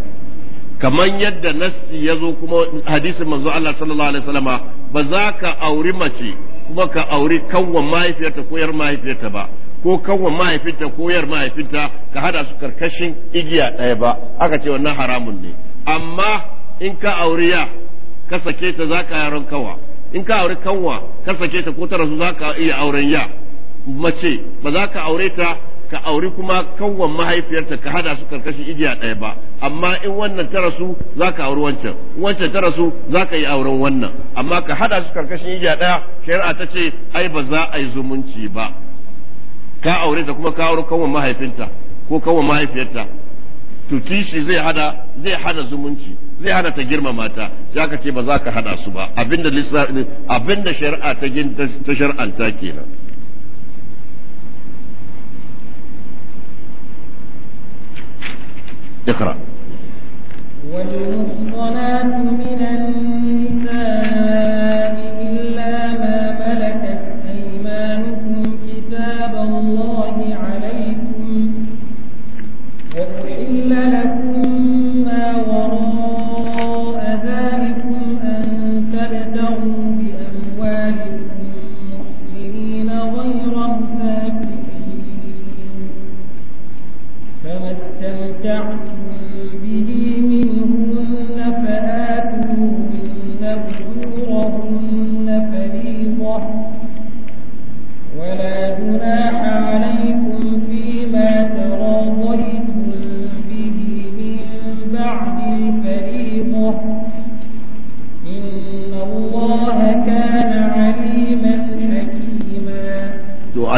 kamar yadda nassi ya zo kuma hadisin manzo Allah sallallahu alaihi wasallama ba za ka auri mace kuma ka auri kanwa mahaifiyarta ko yar mahaifiyarta ba ko kanwa mahaifinta ko yar mahaifinta ka hada su karkashin igiya ɗaya ba aka ce wannan haramun ne amma in ka auriya ka sake ta za ka yaron kawa in ka auri kanwa ka sake ta ko tara su za ka iya auren ya mace ba za ka aure ta ka auri kuma kanwan mahaifiyarta ka hada su karkashin igiya ɗaya ba amma in wannan tara su za ka auri wancan wancan tara su za ka yi auren wannan amma ka hada su karkashin igiya ɗaya shari'a ta ce ai ba za a yi zumunci ba ka aure ta kuma ka aure kawon mahaifinta ko kawon mahaifiyarta to kishi zai hada zai hada zumunci zai hada ta girmama ta za ka ce ba za ka hada su ba abinda abinda shari'a ta ta shar'anta kenan اقرأ والمحصنات من النساء إلا ما ملكت أيمانكم كتاب الله عليكم وأحل لكم ما وراء ذلكم أن تبتغوا بأموالكم محسنين غير مسافرين فما استمتعتم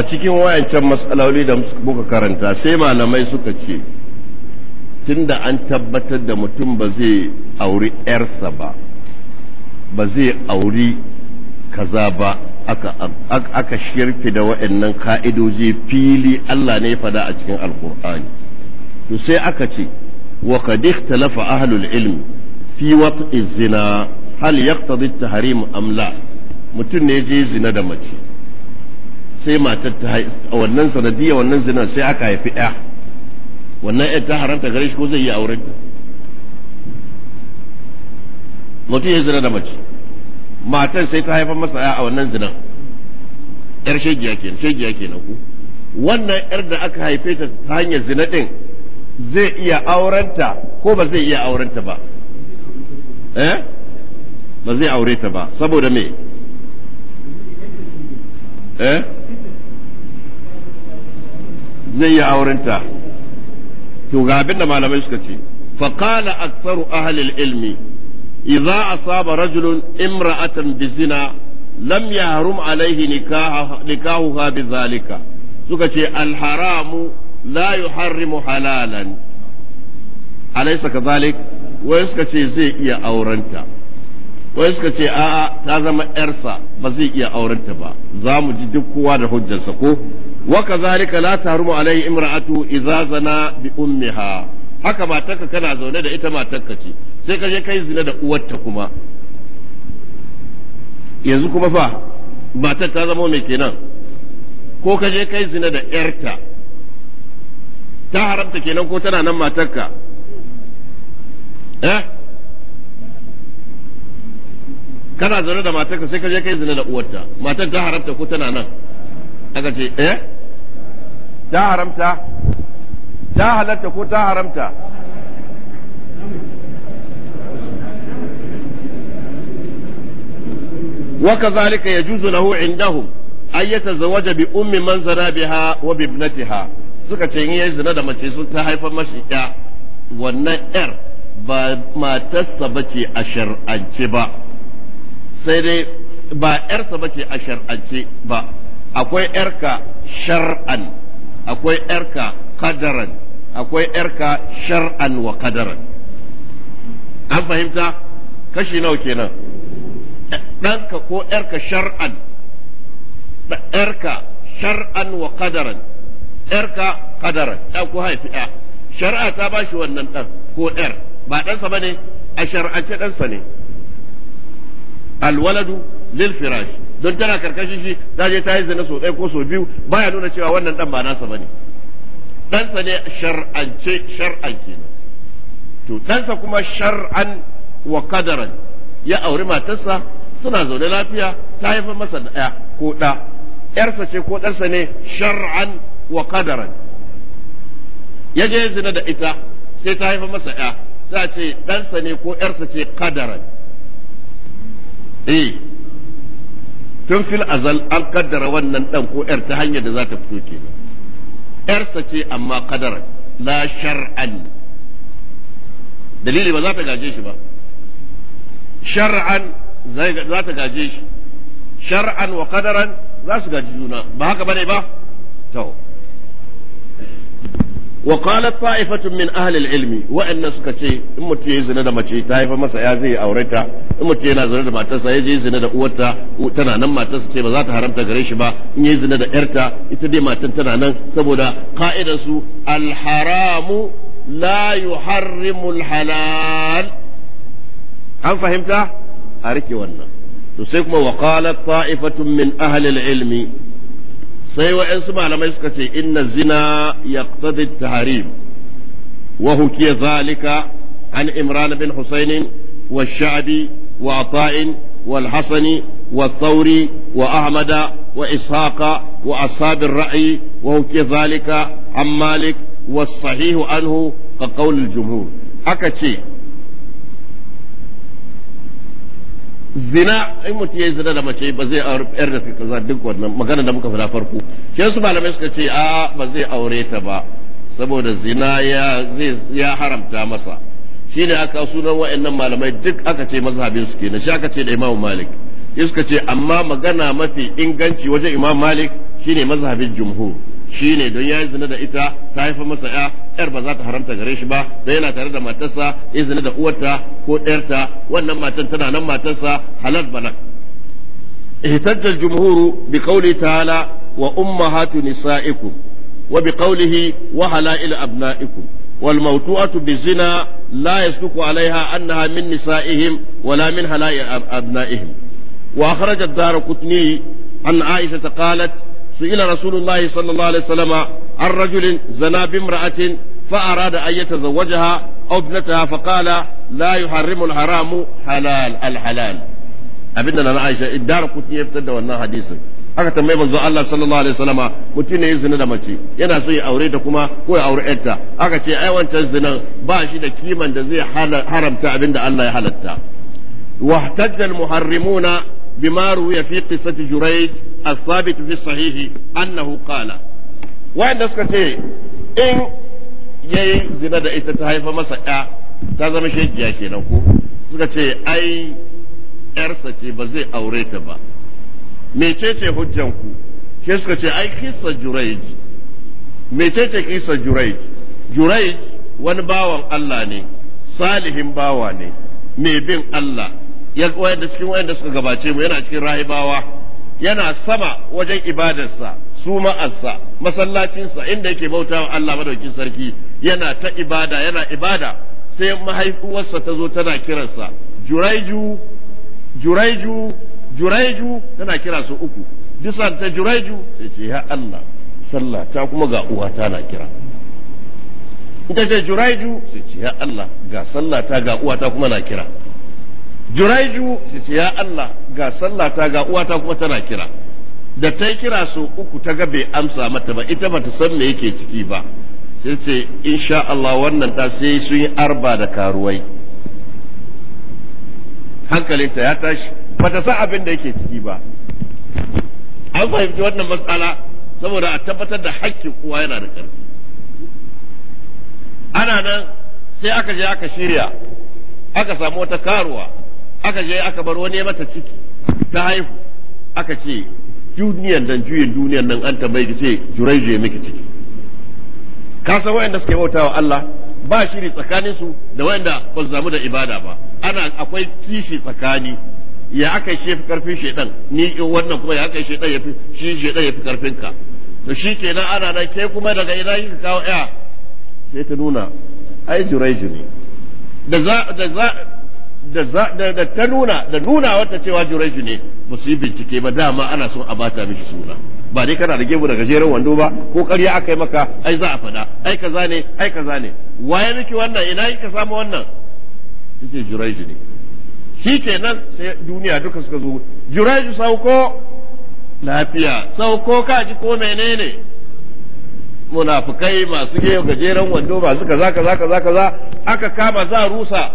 a cikin wayancan matsaloli da muka karanta sai malamai suka ce tunda an tabbatar da mutum ba zai auri 'yarsa ba ba zai auri kaza ba aka shirfi da waɗannan ka'idoji fili Allah ne fada a cikin alkur'ani to sai aka ce wa qad ikhtalafa ahlul ilmi fi wata zina hal yaqtadi at-tahrim am mutum ne je zina da mace sai matar ta a wannan sanadiyya wannan zina sai aka haifi ɗa wannan ɗan ta haramta gare shi ko zai yi auren mutum ya zina da mace matar sai ta haifar masa a wannan zina yar shegiya kenan shegiya kenan ku wannan yar da aka haife ta ta hanyar zina din zai iya aurenta ko ba zai iya aurenta ba eh ba zai aure ta ba saboda me eh zai yi aurenta to ga abin da malamai suka ce faqala aktsaru ahli ilmi idza asaba rajulun imra'atan bizina lam yahrum alaihi nikahuha bizalika suka ce alharamu la yuharrimu halalan alaysa kadhalik wai suka ce zai iya aurenta wai suka ce a'a ta zama yarsa ba zai iya aurenta ba za mu ji duk kowa da hujjarsa ko وكذلك لا la عليه alaihi imra'atu زنا بامها bi ummiha haka matarka kana zaune da ita matarka ce sai ka je kai zina da uwarta kuma yanzu kuma fa matar ta zama mai kenan ko ka je kai zina da yarta ta haramta kenan ko tana nan matarka eh kana zaune da matarka sai ka je kai zina da uwarta matar ta haramta ko tana nan aka ce eh ta haramta ta halatta ko ta haramta وكذلك يجوز له bi ummi man بأم biha wa bi ibnatiha suka ce in ya zina da mace sun ta haifar mashi ya wannan yar ba matarsa ba ce a shar'ance ba sai dai ba yarsa ba ce a shar'ance ba akwai yarka shar'an akwai ‘yarka kadaran akwai ‘yarka shar'an wa kadaran an fahimta kashi nawa kenan ɗanka ko ‘yarka shar'an ‘yarka shar'an wa kadaran ‘yarka kadaran ɗan ko haifi ‘ya shari'a ta ba shi wannan ɗan ko ‘yar ba ɗansa ba ne a shar'ance ɗansa ne alwaladu lil firashi don tana karkashin shi ta je ta yi zina sau ɗaya ko so biyu baya nuna cewa wannan dan ba nasa ba ne. ɗansa ne shar'ance shar'an kenan to ɗansa kuma shar'an wa kadaran ya auri matarsa suna zaune lafiya ta haifa masa da ɗaya ko ɗa ƴarsa ce ko ɗansa ne shar'an wa kadaran ya je zina da ita sai ta haifa masa ɗaya za a ce ɗansa ne ko ƴarsa ce kadaran eh tun fil azal an kaddara wannan dan ko yar ta hanyar da za ta fito kenan yarsa ce amma kadara la shar'an dalili ba za ta gaje shi ba shar'an za ta gaje shi shar'an wa kadaran za su gaji juna ba haka bane ba to wa qalat ta'ifatun min ahli al-ilmi wa'anna suka ce in mutum yayi zina da mace ta haifa masa ya zai aure ta in mutum yana zina da matarsa ya je zina da uwarta tana nan matarsa ce ba za ta haramta gare shi ba in yi zina da yarta ita dai matan tana nan saboda ka'idar su alharamu haramu la yuharrimu al-halal an fahimta a rike wannan to kuma wa qalat min ahli ilmi sai wa'yansu malamai suka ce inna zina yaqtadi taharim wa hukiya zalika an imran bin husayn wa sha'bi wa ata'in wa hasani wa thauri wa ahmada wa ishaqa wa ashabir ra'yi wa hukiya zalika an malik wa والصحيح عنه كقول الجمهور aka ce zina in mutum ya yi zina da mace ba zai aure yar da suka za duk wannan magana da muka fara farko shi su malamai suka ce a ba zai aure ta ba saboda zina ya haramta masa shine aka sunan wa'annan malamai duk aka ce mazhabin su kenan shi aka ce da Imam Malik shi suka ce amma magana mafi inganci wajen Imam Malik shine mazhabin jumhur shi ne don ya yi zina da ita ta haifa masa ya yar ba za ta haramta gare shi ba da yana tare da matarsa ya da uwarta ko ɗarta wannan matan tana nan matarsa halar balak ihtajja al-jumhur bi qawli ta'ala wa ummahatu nisa'ikum wa bi qawlihi wa halail abna'ikum wal mawtu'atu bi zina la yasduqu 'alayha annaha min nisa'ihim wala min halail abna'ihim wa akhrajat dar qutni an 'aisha ta kalat. سئل رسول الله صلى الله عليه وسلم عن رجل زنا بامرأة فأراد أن يتزوجها أو ابنتها فقال لا يحرم الحرام حلال الحلال أبدا أنا عائشة الدار كنت يبتدى والنا حديثا aka ta manzo Allah sallallahu alaihi wasallama mutum ne ya zina da mace yana so ya aure da kuma ko ya aure yarta aka ce a wancan zina ba shi da kiman da zai haramta da Allah ya halatta wahtajja muharrimuna. بما روي في قصة جريج الثابت في الصحيح أنه قال وين نسكتي إن yayi zina da ita ta haifa masa ya ta zama shegiya kenan ko suka ce ai yarsa ce ba zai aure ta ba mecece hujjan ku sai suka ce ai kissa juraij mecece kissa juraij juraij wani bawan Allah ne salihin bawa ne mai bin Allah ya koyar cikin wayanda suka gabace mu yana cikin rahibawa yana sama wajen ibadarsa su ma'asa masallacinsa inda yake bautawa Allah madaukin sarki yana ta ibada yana ibada sai mahaifuwarsa ta zo tana kiransa juraiju juraiju juraiju tana kira su uku bisa ta juraiju sai ce ya Allah sallah ta kuma ga uwa tana kira ita ce juraiju sai ce ya Allah ga sallah ta ga uwa ta kuma na kira juraiju ce ya Allah ga sallata ga uwata kuma tana kira da ta kira so uku ta ga bai amsa mata ba ita bata san me yake ciki ba sai ce insha Allah wannan ta sai sun yi arba da karuwai hankalinta ya tashi bata san abin da yake ciki ba an fahimci wannan matsala saboda a tabbatar da hakkin uwa yana da ƙarfi ana nan sai aka je aka shirya aka samu wata karuwa aka je aka bar wani mata ciki ta haihu aka ce duniyan nan juyin duniyan nan an tambayi ki ce juraidu ya miki ciki ka san wayanda suke bautawa Allah ba shiri tsakanin su da wayanda ba su zamu da ibada ba ana akwai kishi tsakani ya aka shi fi karfin shedan ni wannan kuma ya aka shedan ya fi shi shedan ya fi karfin ka to shi kenan ana nan ke kuma daga ina kika kawo ya sai ta nuna ai juraidu ne da za da za da ta nuna da nuna wata cewa juraishi ne ba su yi bincike ba dama ana son a bata mishi suna ba dai kana da gemu da gajeren wando ba ko ƙarya aka yi maka ai za a faɗa ai kaza ne ai kaza ne waye miki wannan ina kika samu wannan yace juraishi ne shi nan sai duniya duka suka zo juraishi sauko lafiya sauko ka ji ko menene munafukai masu gajeren wando masu kaza kaza kaza kaza aka kama za rusa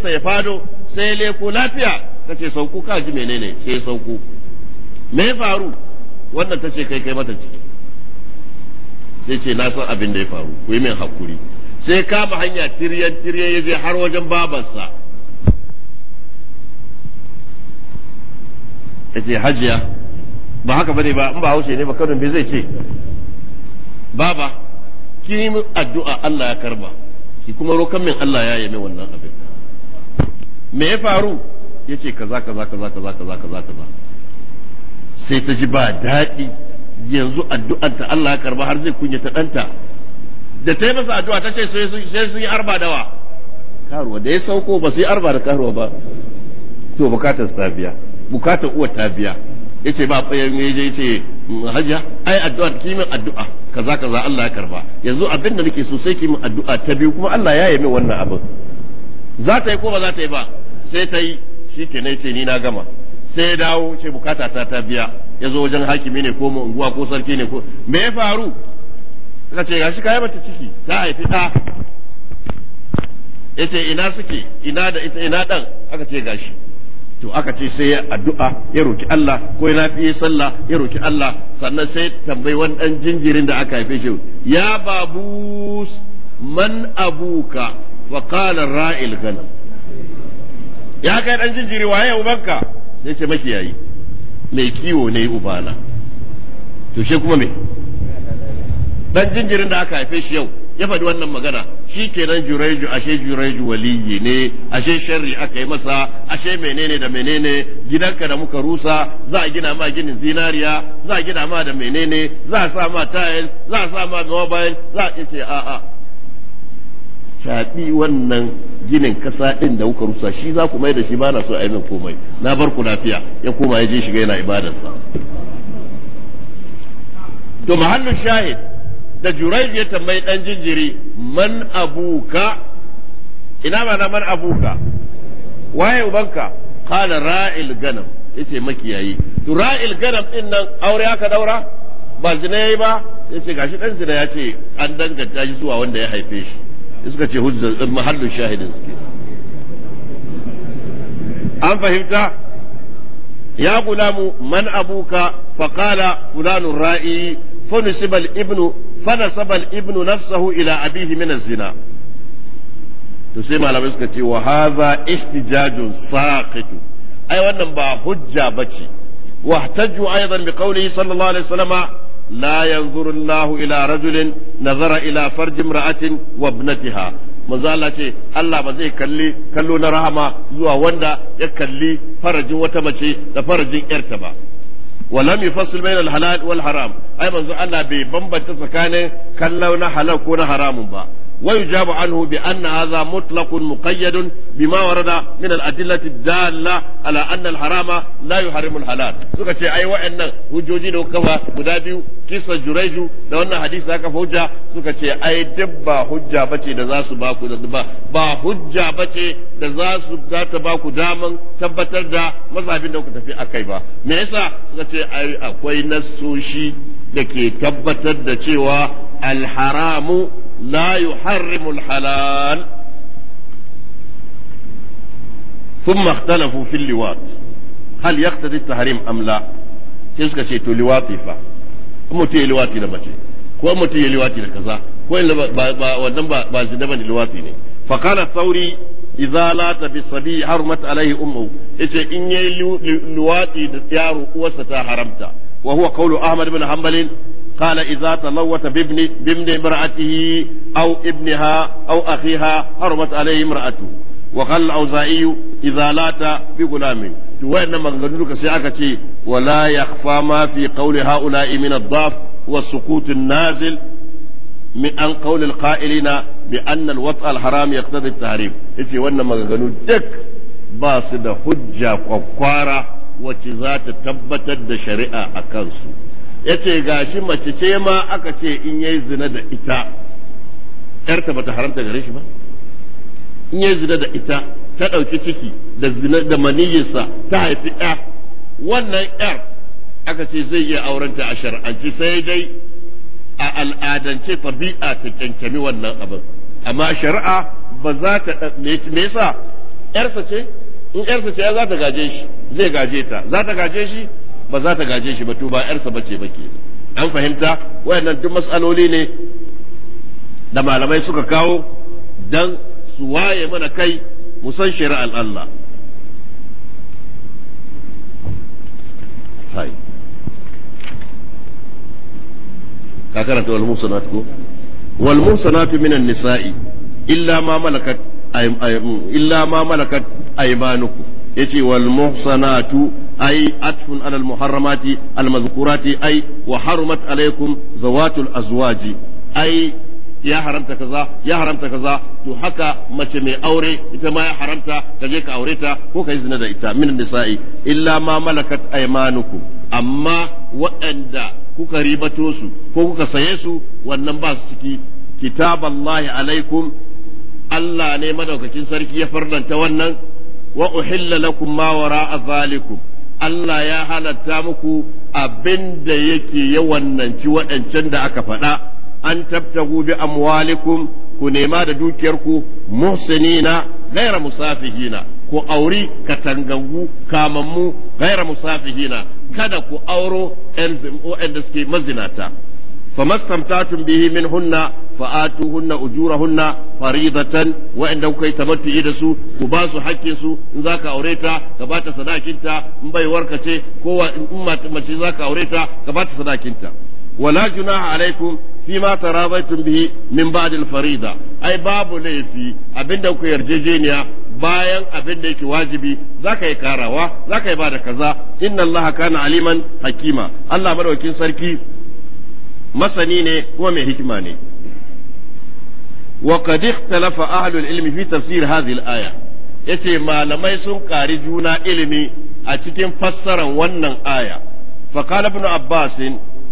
sa ya fado sai ya leko lafiya ta ce sauku ka ji menene sai sauku me faru wannan ta ce kai kai mata ciki sai ce na san abin da ya faru ku yi min hakuri sai kama hanya tiryan tiryan ya je har wajen babarsa ya ce hajiya ba haka bane ba in ba haushe ne ba kanun bai zai ce baba ki yi min addu'a Allah ya karba ki kuma rokan min Allah ya yi min wannan abin me ya faru ya ce kaza kaza kaza kaza kaza kaza kaza sai ta ji ba daɗi yanzu addu'anta Allah ya karba har zai kunya ta ɗanta da ta yi masa addu'a ta ce sai sun yi arba dawa karuwa da ya sauko ba su yi arba da karuwa ba to bukatar ta biya bukatar uwar ta biya ya ce ba ya je hajiya hajja ai addu'a kimin addu'a kaza kaza Allah ya karba yanzu abin da nake so sai kimin addu'a ta biyu kuma Allah ya yi min wannan abin za ta yi ko ba za ta yi ba sai ta yi shi ke ce ni na gama sai ya dawo ce bukata ta ta biya ya zo wajen hakimi ne ko unguwa ko sarki ne ko me ya faru suka ce gashi kayi mata ciki ta haifi ɗa ya ce ina suke ina da ita ina ɗan aka ce gashi to aka ce sai ya addu'a ya roki Allah ko ya fiye sallah ya roki Allah sannan sai tambayi wani ɗan jinjirin da aka haife shi ya babu man abuka wa qala ra'il ganam ya kai dan jinjiri waye ubanka sai ce makiyayi mai kiwo ne ubana to shi kuma me dan jinjirin da aka haife shi yau ya faɗi wannan magana shi kenan juraiju ashe juraiju waliyi ne ashe sharri aka yi masa ashe menene da menene gidanka da muka rusa za a gina ma ginin zinariya za a gina ma da menene za a sa ma tiles za a sa ma mobile za a ce a'a Shaɓi wannan ginin ƙasa ɗin da kuka rusa shi za ku mai da shi ba na so a yi min komai na bar ku lafiya ya koma ya je shiga yana ibadarsa to mahallin shahid da jurai ya tambayi dan jinjiri man abuka ina mana man abuka waye ubanka kala ra'il ganam yace makiyayi to ra'il ganam din nan aure aka daura ba zina yayi ba yace gashi dan zina yace an danganta shi zuwa wanda ya haife shi suka ce hujjar eh, mahallin shahidin suke an fahimta ya gulamu man abuka faqala fulanun ra'i فنسب Ibnu, فنسب الابن نفسه الى ابيه من الزنا to sai malamai suka ce wa haza ihtijajun saqit ai wannan ba hujja bace wa tajju aidan bi qawlihi sallallahu alaihi wasallama la yanzuru Allahu ila rajulin nazara ila farji imra'atin wabnatiha ibnatiha ce Allah ba zai kalli kallo na rahama zuwa wanda ya kalli farajin wata mace da farajin yarta ba ولم يفصل بين الحلال والحرام اي منزو Allah bai بمبت tsakanin كلو na halal ko na haramun ba ويجاب عنه بأن هذا مطلق مقيد بما ورد من الأدلة الدالة على أن الحرام لا يحرم الحلال suka ce ai wa'annan hujjoji da kafa guda biyu kisa jureju da wannan hadisi aka hujja suka ce ai duk ba hujja bace da za su baku da ba ba hujja bace da za su za baku daman tabbatar da mazhabin da ku tafi akai ba me yasa suka ce ai akwai nasoshi da ke tabbatar da cewa alharamu la yuhar يحرم الحلال ثم اختلفوا في اللواط هل يقتضي التحريم ام لا تسكا شيء تلواطي فا متي لواطي نبشي كو متي لواطي لكذا كو ان ودنبا بازدبا لواطي ني فقال الثوري إذا لات تبي حرمت عليه أمه إذا إني لواطي يارو وستا حرمتا وهو قول أحمد بن حنبل قال إذا تلوت بابن بابن امرأته أو ابنها أو أخيها حرمت عليه امرأته وقال الأوزائي إذا لات بغلام وإنما غنوك سيعكتي ولا يخفى ما في قول هؤلاء من الضعف والسقوط النازل من أن قول القائلين بأن الوطء الحرام يقتضي التحريم إتي وإنما غنو دك باصد حجة وقارة wacce za ta tabbatar da shari'a a kansu ya ce gashi mace ce ma aka ce in yayi zina da ita ‘yarta bata haramta gare shi ba in yayi zina da ita ta ɗauki ciki da zina da maniyyarsa ta haifi ɗa wannan ‘yar aka ce zai iya aurenta a shar'anci sai dai a al'adance tabi'a ta kyankyami wannan abin amma shari'a ba za ta me yasa ‘yarsa ce in yarsa ce za ta gaje shi zai gaje ta za ta gaje shi ba za ta gaje shi ba to ba yarsa bace ba ke an fahimta wayannan duk matsaloli ne da malamai suka kawo dan su waye mana kai mu san shari'ar Allah sai ka karanta wal musanat ko wal musanat minan nisa'i illa ma malakat illa ma malakat aymanukum yace wal muhsanatu ay atfun ala al muharramati al mazkurati ay wa harumat alaykum zawatul azwaji ay ya haramta kaza ya haramta kaza to haka mace mai aure ita ma ya haramta ka je ka aure ta ko ka yi zina da ita min nisa'i illa ma malakat aymanukum amma waɗanda kuka ribato su ko kuka saye su wannan ba su ciki kitaballahi alaikum Allah ne madaukakin sarki ya farnanta wannan wa uhilla lakum ma wara'a zalikum Allah ya halatta muku abinda yake ya wannanci waɗancan da aka faɗa an tabtahu bi amwalikum ku nema da dukiyarku muhsinina gaira musafihina ku auri katangangu kamammu gaira musafihina kada ku auro waɗanda suke mazinata famastamtatun bihi min hunna fa'atu hunna ujura hunna faridatan waɗanda kuka yi tamattu'i da su ku ba su hakkin su in za ka aure ta ka ba ta sadakinta in baiwarka ce ko in mace za ka aure ta ka ba ta sadakinta ولا جناح عليكم فيما bihi min من بعد الفريضة أي باب ليفي أبدا كو yarjejeniya bayan abin da yake wajibi za ka yi karawa za ka yi ba da kaza inna allaha kana aliman hakima allah madaukin sarki masani ne kuma mai hikima ne wa qad ikhtalafa ahlul ilmi fi tafsir hadhihi al-aya yace malamai sun kari juna ilimi a cikin fassaran wannan aya fa qala ibn abbas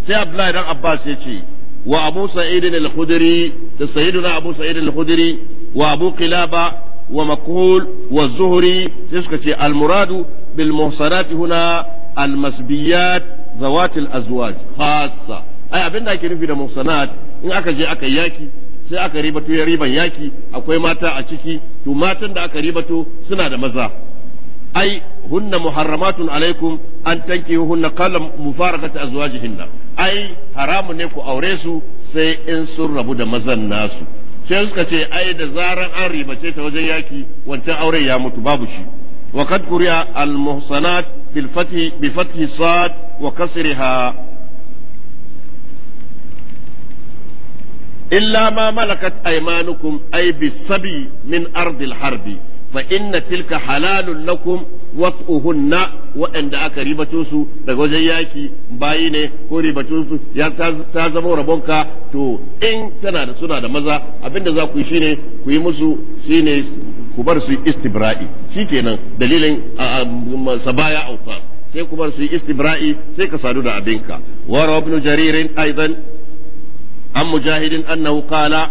sai abdullahi dan abbas yace wa abu sa'id al-khudri da sayyiduna abu sa'id al-khudri wa abu qilaba wa makul wa zuhri sai suka ce almuradu muradu bil muhsanat huna al-masbiyat zawat ai abin da ake nufi da musanat in aka je aka yaki sai aka ribato ya riban yaki akwai mata a ciki to matan da aka ribato suna da maza ai hunna muharramatun alaikum an tanki hunna qala mufarakata azwajihinna ai haramun ne ku aure su sai in sun rabu da mazan nasu sai suka ce ai da zaran an ribace ta wajen yaki wancan auren ya mutu babu shi al bil fathi bi fathi sad wa kasriha illa ma malakat aymanukum ay bisabi min ardil harbi fa inna tilka halalun lakum na waɗanda aka ribato daga wajen yaki bayi ne ko ribato su ya ta zama to in tana suna da maza abinda za ku yi musu shine ku bar su istibra'i shikenan dalilin sabaya auta sai ku bar su sai ka sadu da abinka wa ibn jaririn aidan عن مجاهد أنه قال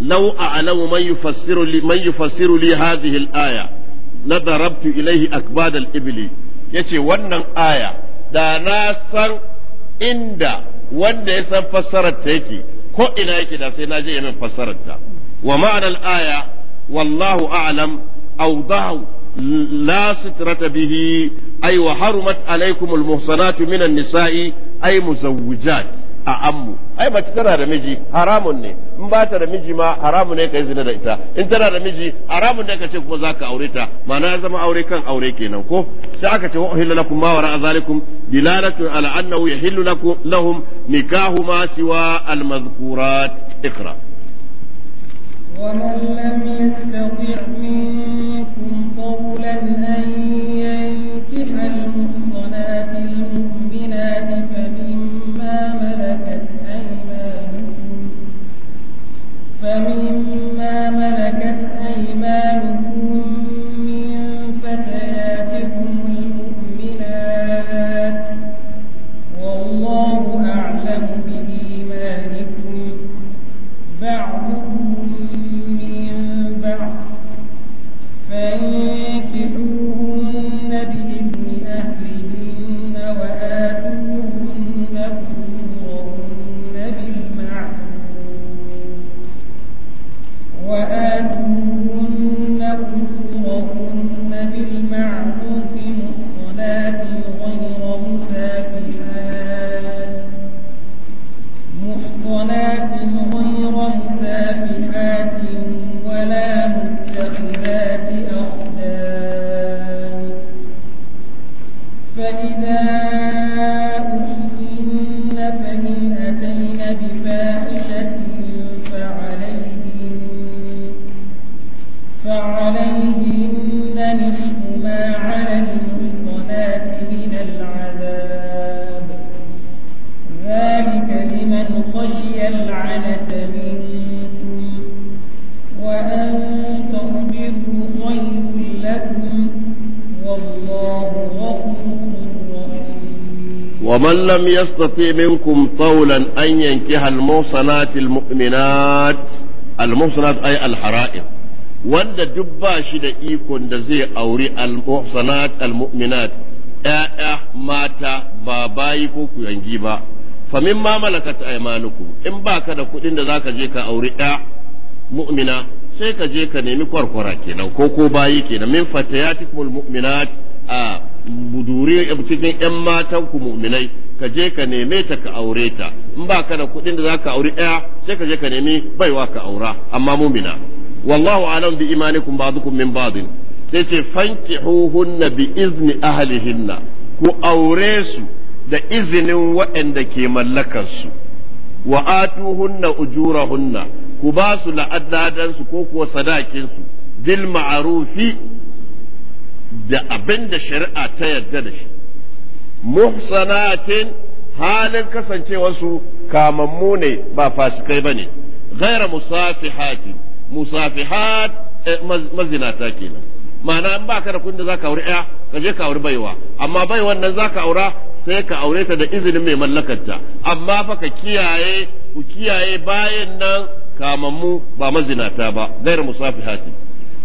لو أعلم من يفسر لي, من يفسر لي هذه الآية لضربت إليه أكباد الإبل يتي ونن آية دا ناسا إند ون يسن فسرت يكي ko ina yake da sai na je yamin fassararta wa ma'anar aya wallahu a'lam awdahu la sitrata bihi ay wa harumat alaykum almuhsanatu minan nisa'i ay muzawwijat a ammu ai mace tana da miji haramun ne in ba ta da miji ma haramun ne ka yi zina da ita in tana da miji haramun ne ka ce kuma zaka aure ta ma'ana ya zama aure kan aure kenan ko sai aka ce wa uhilla lakum ma wara zalikum dilalatu ala annahu yahillu lakum lahum nikahu ma siwa al mazkurat ikra ومن لم يستطع منكم قولا أن ينكح المحصنات المؤمنات فمما ملكت أيمانكم من فتياتكم المؤمنات والله mallam لم يستطع منكم طولا أن ينكح المحصنات المؤمنات المحصنات أي wanda duk ba shi da ikon da zai auri al-muhsanat al mata ba bayi ko kuyangi ba fa mimma malakat aymanukum in baka da kuɗin da zaka je ka auri ɗa mu'mina sai ka je ka nemi kwarkwara kenan ko ko bayi kenan min fatayatikumul mu'minat a buduri cikin 'yan matan ku mu'minai ka je ka neme ta ka aure ta in ba ka da kuɗin da za ka auri ɗaya sai ka je ka nemi baiwa ka aura amma mumina wallahu alam bi imanikum ba'dukum min ba'din sai ce fankihuhunna bi izni ahlihinna ku aure su da izinin waɗanda ke mallakar su wa ujura hunna, ku ba su la'adansu ko kuwa sadakinsu bil ma'arufi da abin da shari'a ta yarda da shi muhsanatin halin kasancewarsu kamammu ne ba fasikai ba ne gaira musafihati musafihat eh, mazinata kenan ma'ana in ba ka da kunda za ka auri ya ka je ka aure baiwa amma baiwan nan za ka aura sai ka aure ta da izinin mai mallakarta amma fa ka kiyaye ku kiyaye bayan nan kamammu ba mazinata ba gaira musafihati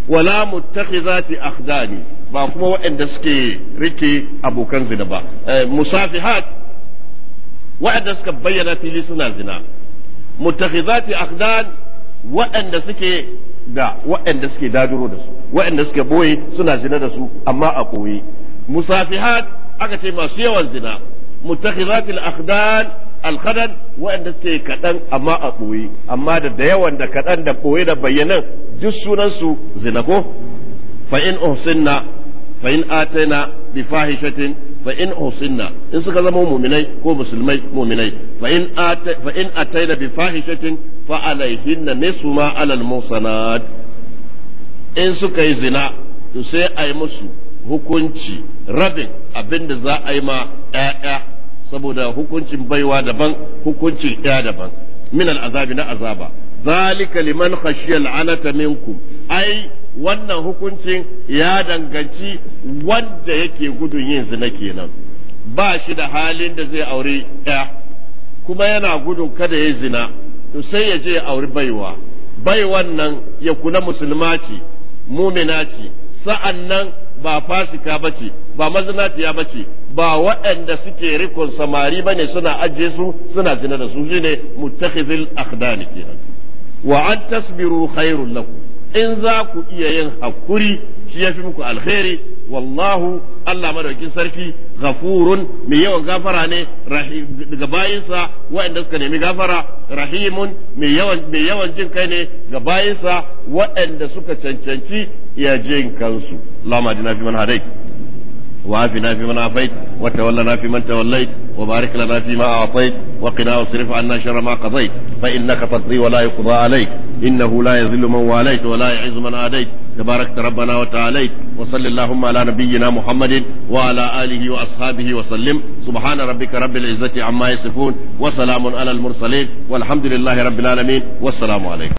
wala muttakhizati akhdani ba kuma waɗanda suke rike abokan zina ba eh, musafihat waɗanda suka bayyana fili suna zina muttakhizati akhdan waɗanda suke da waɗanda suke daduro da waɗanda suke boye suna zina dasu amma a koyi musafihat aka ce masu yawan zina muttakhizati akhdan alkadan waɗanda suke kaɗan amma a ɓoye amma da da yawan da kaɗan da ɓoye da bayyanan duk sunansu zina ko fa in usinna fa in ataina bi fahishatin fa in usinna in suka zama muminai ko musulmai muminai fa in fa in ataina bi fahishatin fa alaihinna nisfu ma alal musanad in suka yi zina to sai a musu hukunci rabin abinda za a yi ma 'ya'ya saboda hukuncin baiwa daban hukuncin ya daban min al'azabi na azaba zalika liman khashiyal anata minkum ai wannan hukuncin ya danganci wanda yake gudun yin zina kenan ba shi da halin da zai aure ya kuma yana gudun kada ya zina to sai ya je ya auri baiwa baiwan nan ya kula musulma ce mumina ce sa'an nan ba fasika bace ba mazinaciya bace ba waɗanda suke rikon samari bane suna ajiye su suna zina da su shine muttakhizil akhdani kenan wa an tasbiru khairul lakum in za ku iya yin hakuri shi ya fi muku alheri wallahu Allah madaukin sarki ghafurun mai yawan gafara ne ga bayinsa waɗanda suka nemi gafara rahimun mai yawan mai yawan jin kai ne ga bayinsa waɗanda suka cancanci ya jin kansu Allahumma adina fi man na na fi fi man man tawallai wa barik lana fi ma توليت wa qina wa أعطيت anna sharra ma qadait fa innaka فإنك wa la yuqda عليك إنه لا يذل من واليت ولا يعز من آديت تبارك ربنا وتعاليت وصل اللهم على نبينا محمد وعلى آله وأصحابه وسلم سبحان ربك رب العزة عما يصفون وسلام على المرسلين والحمد لله رب العالمين والسلام عليكم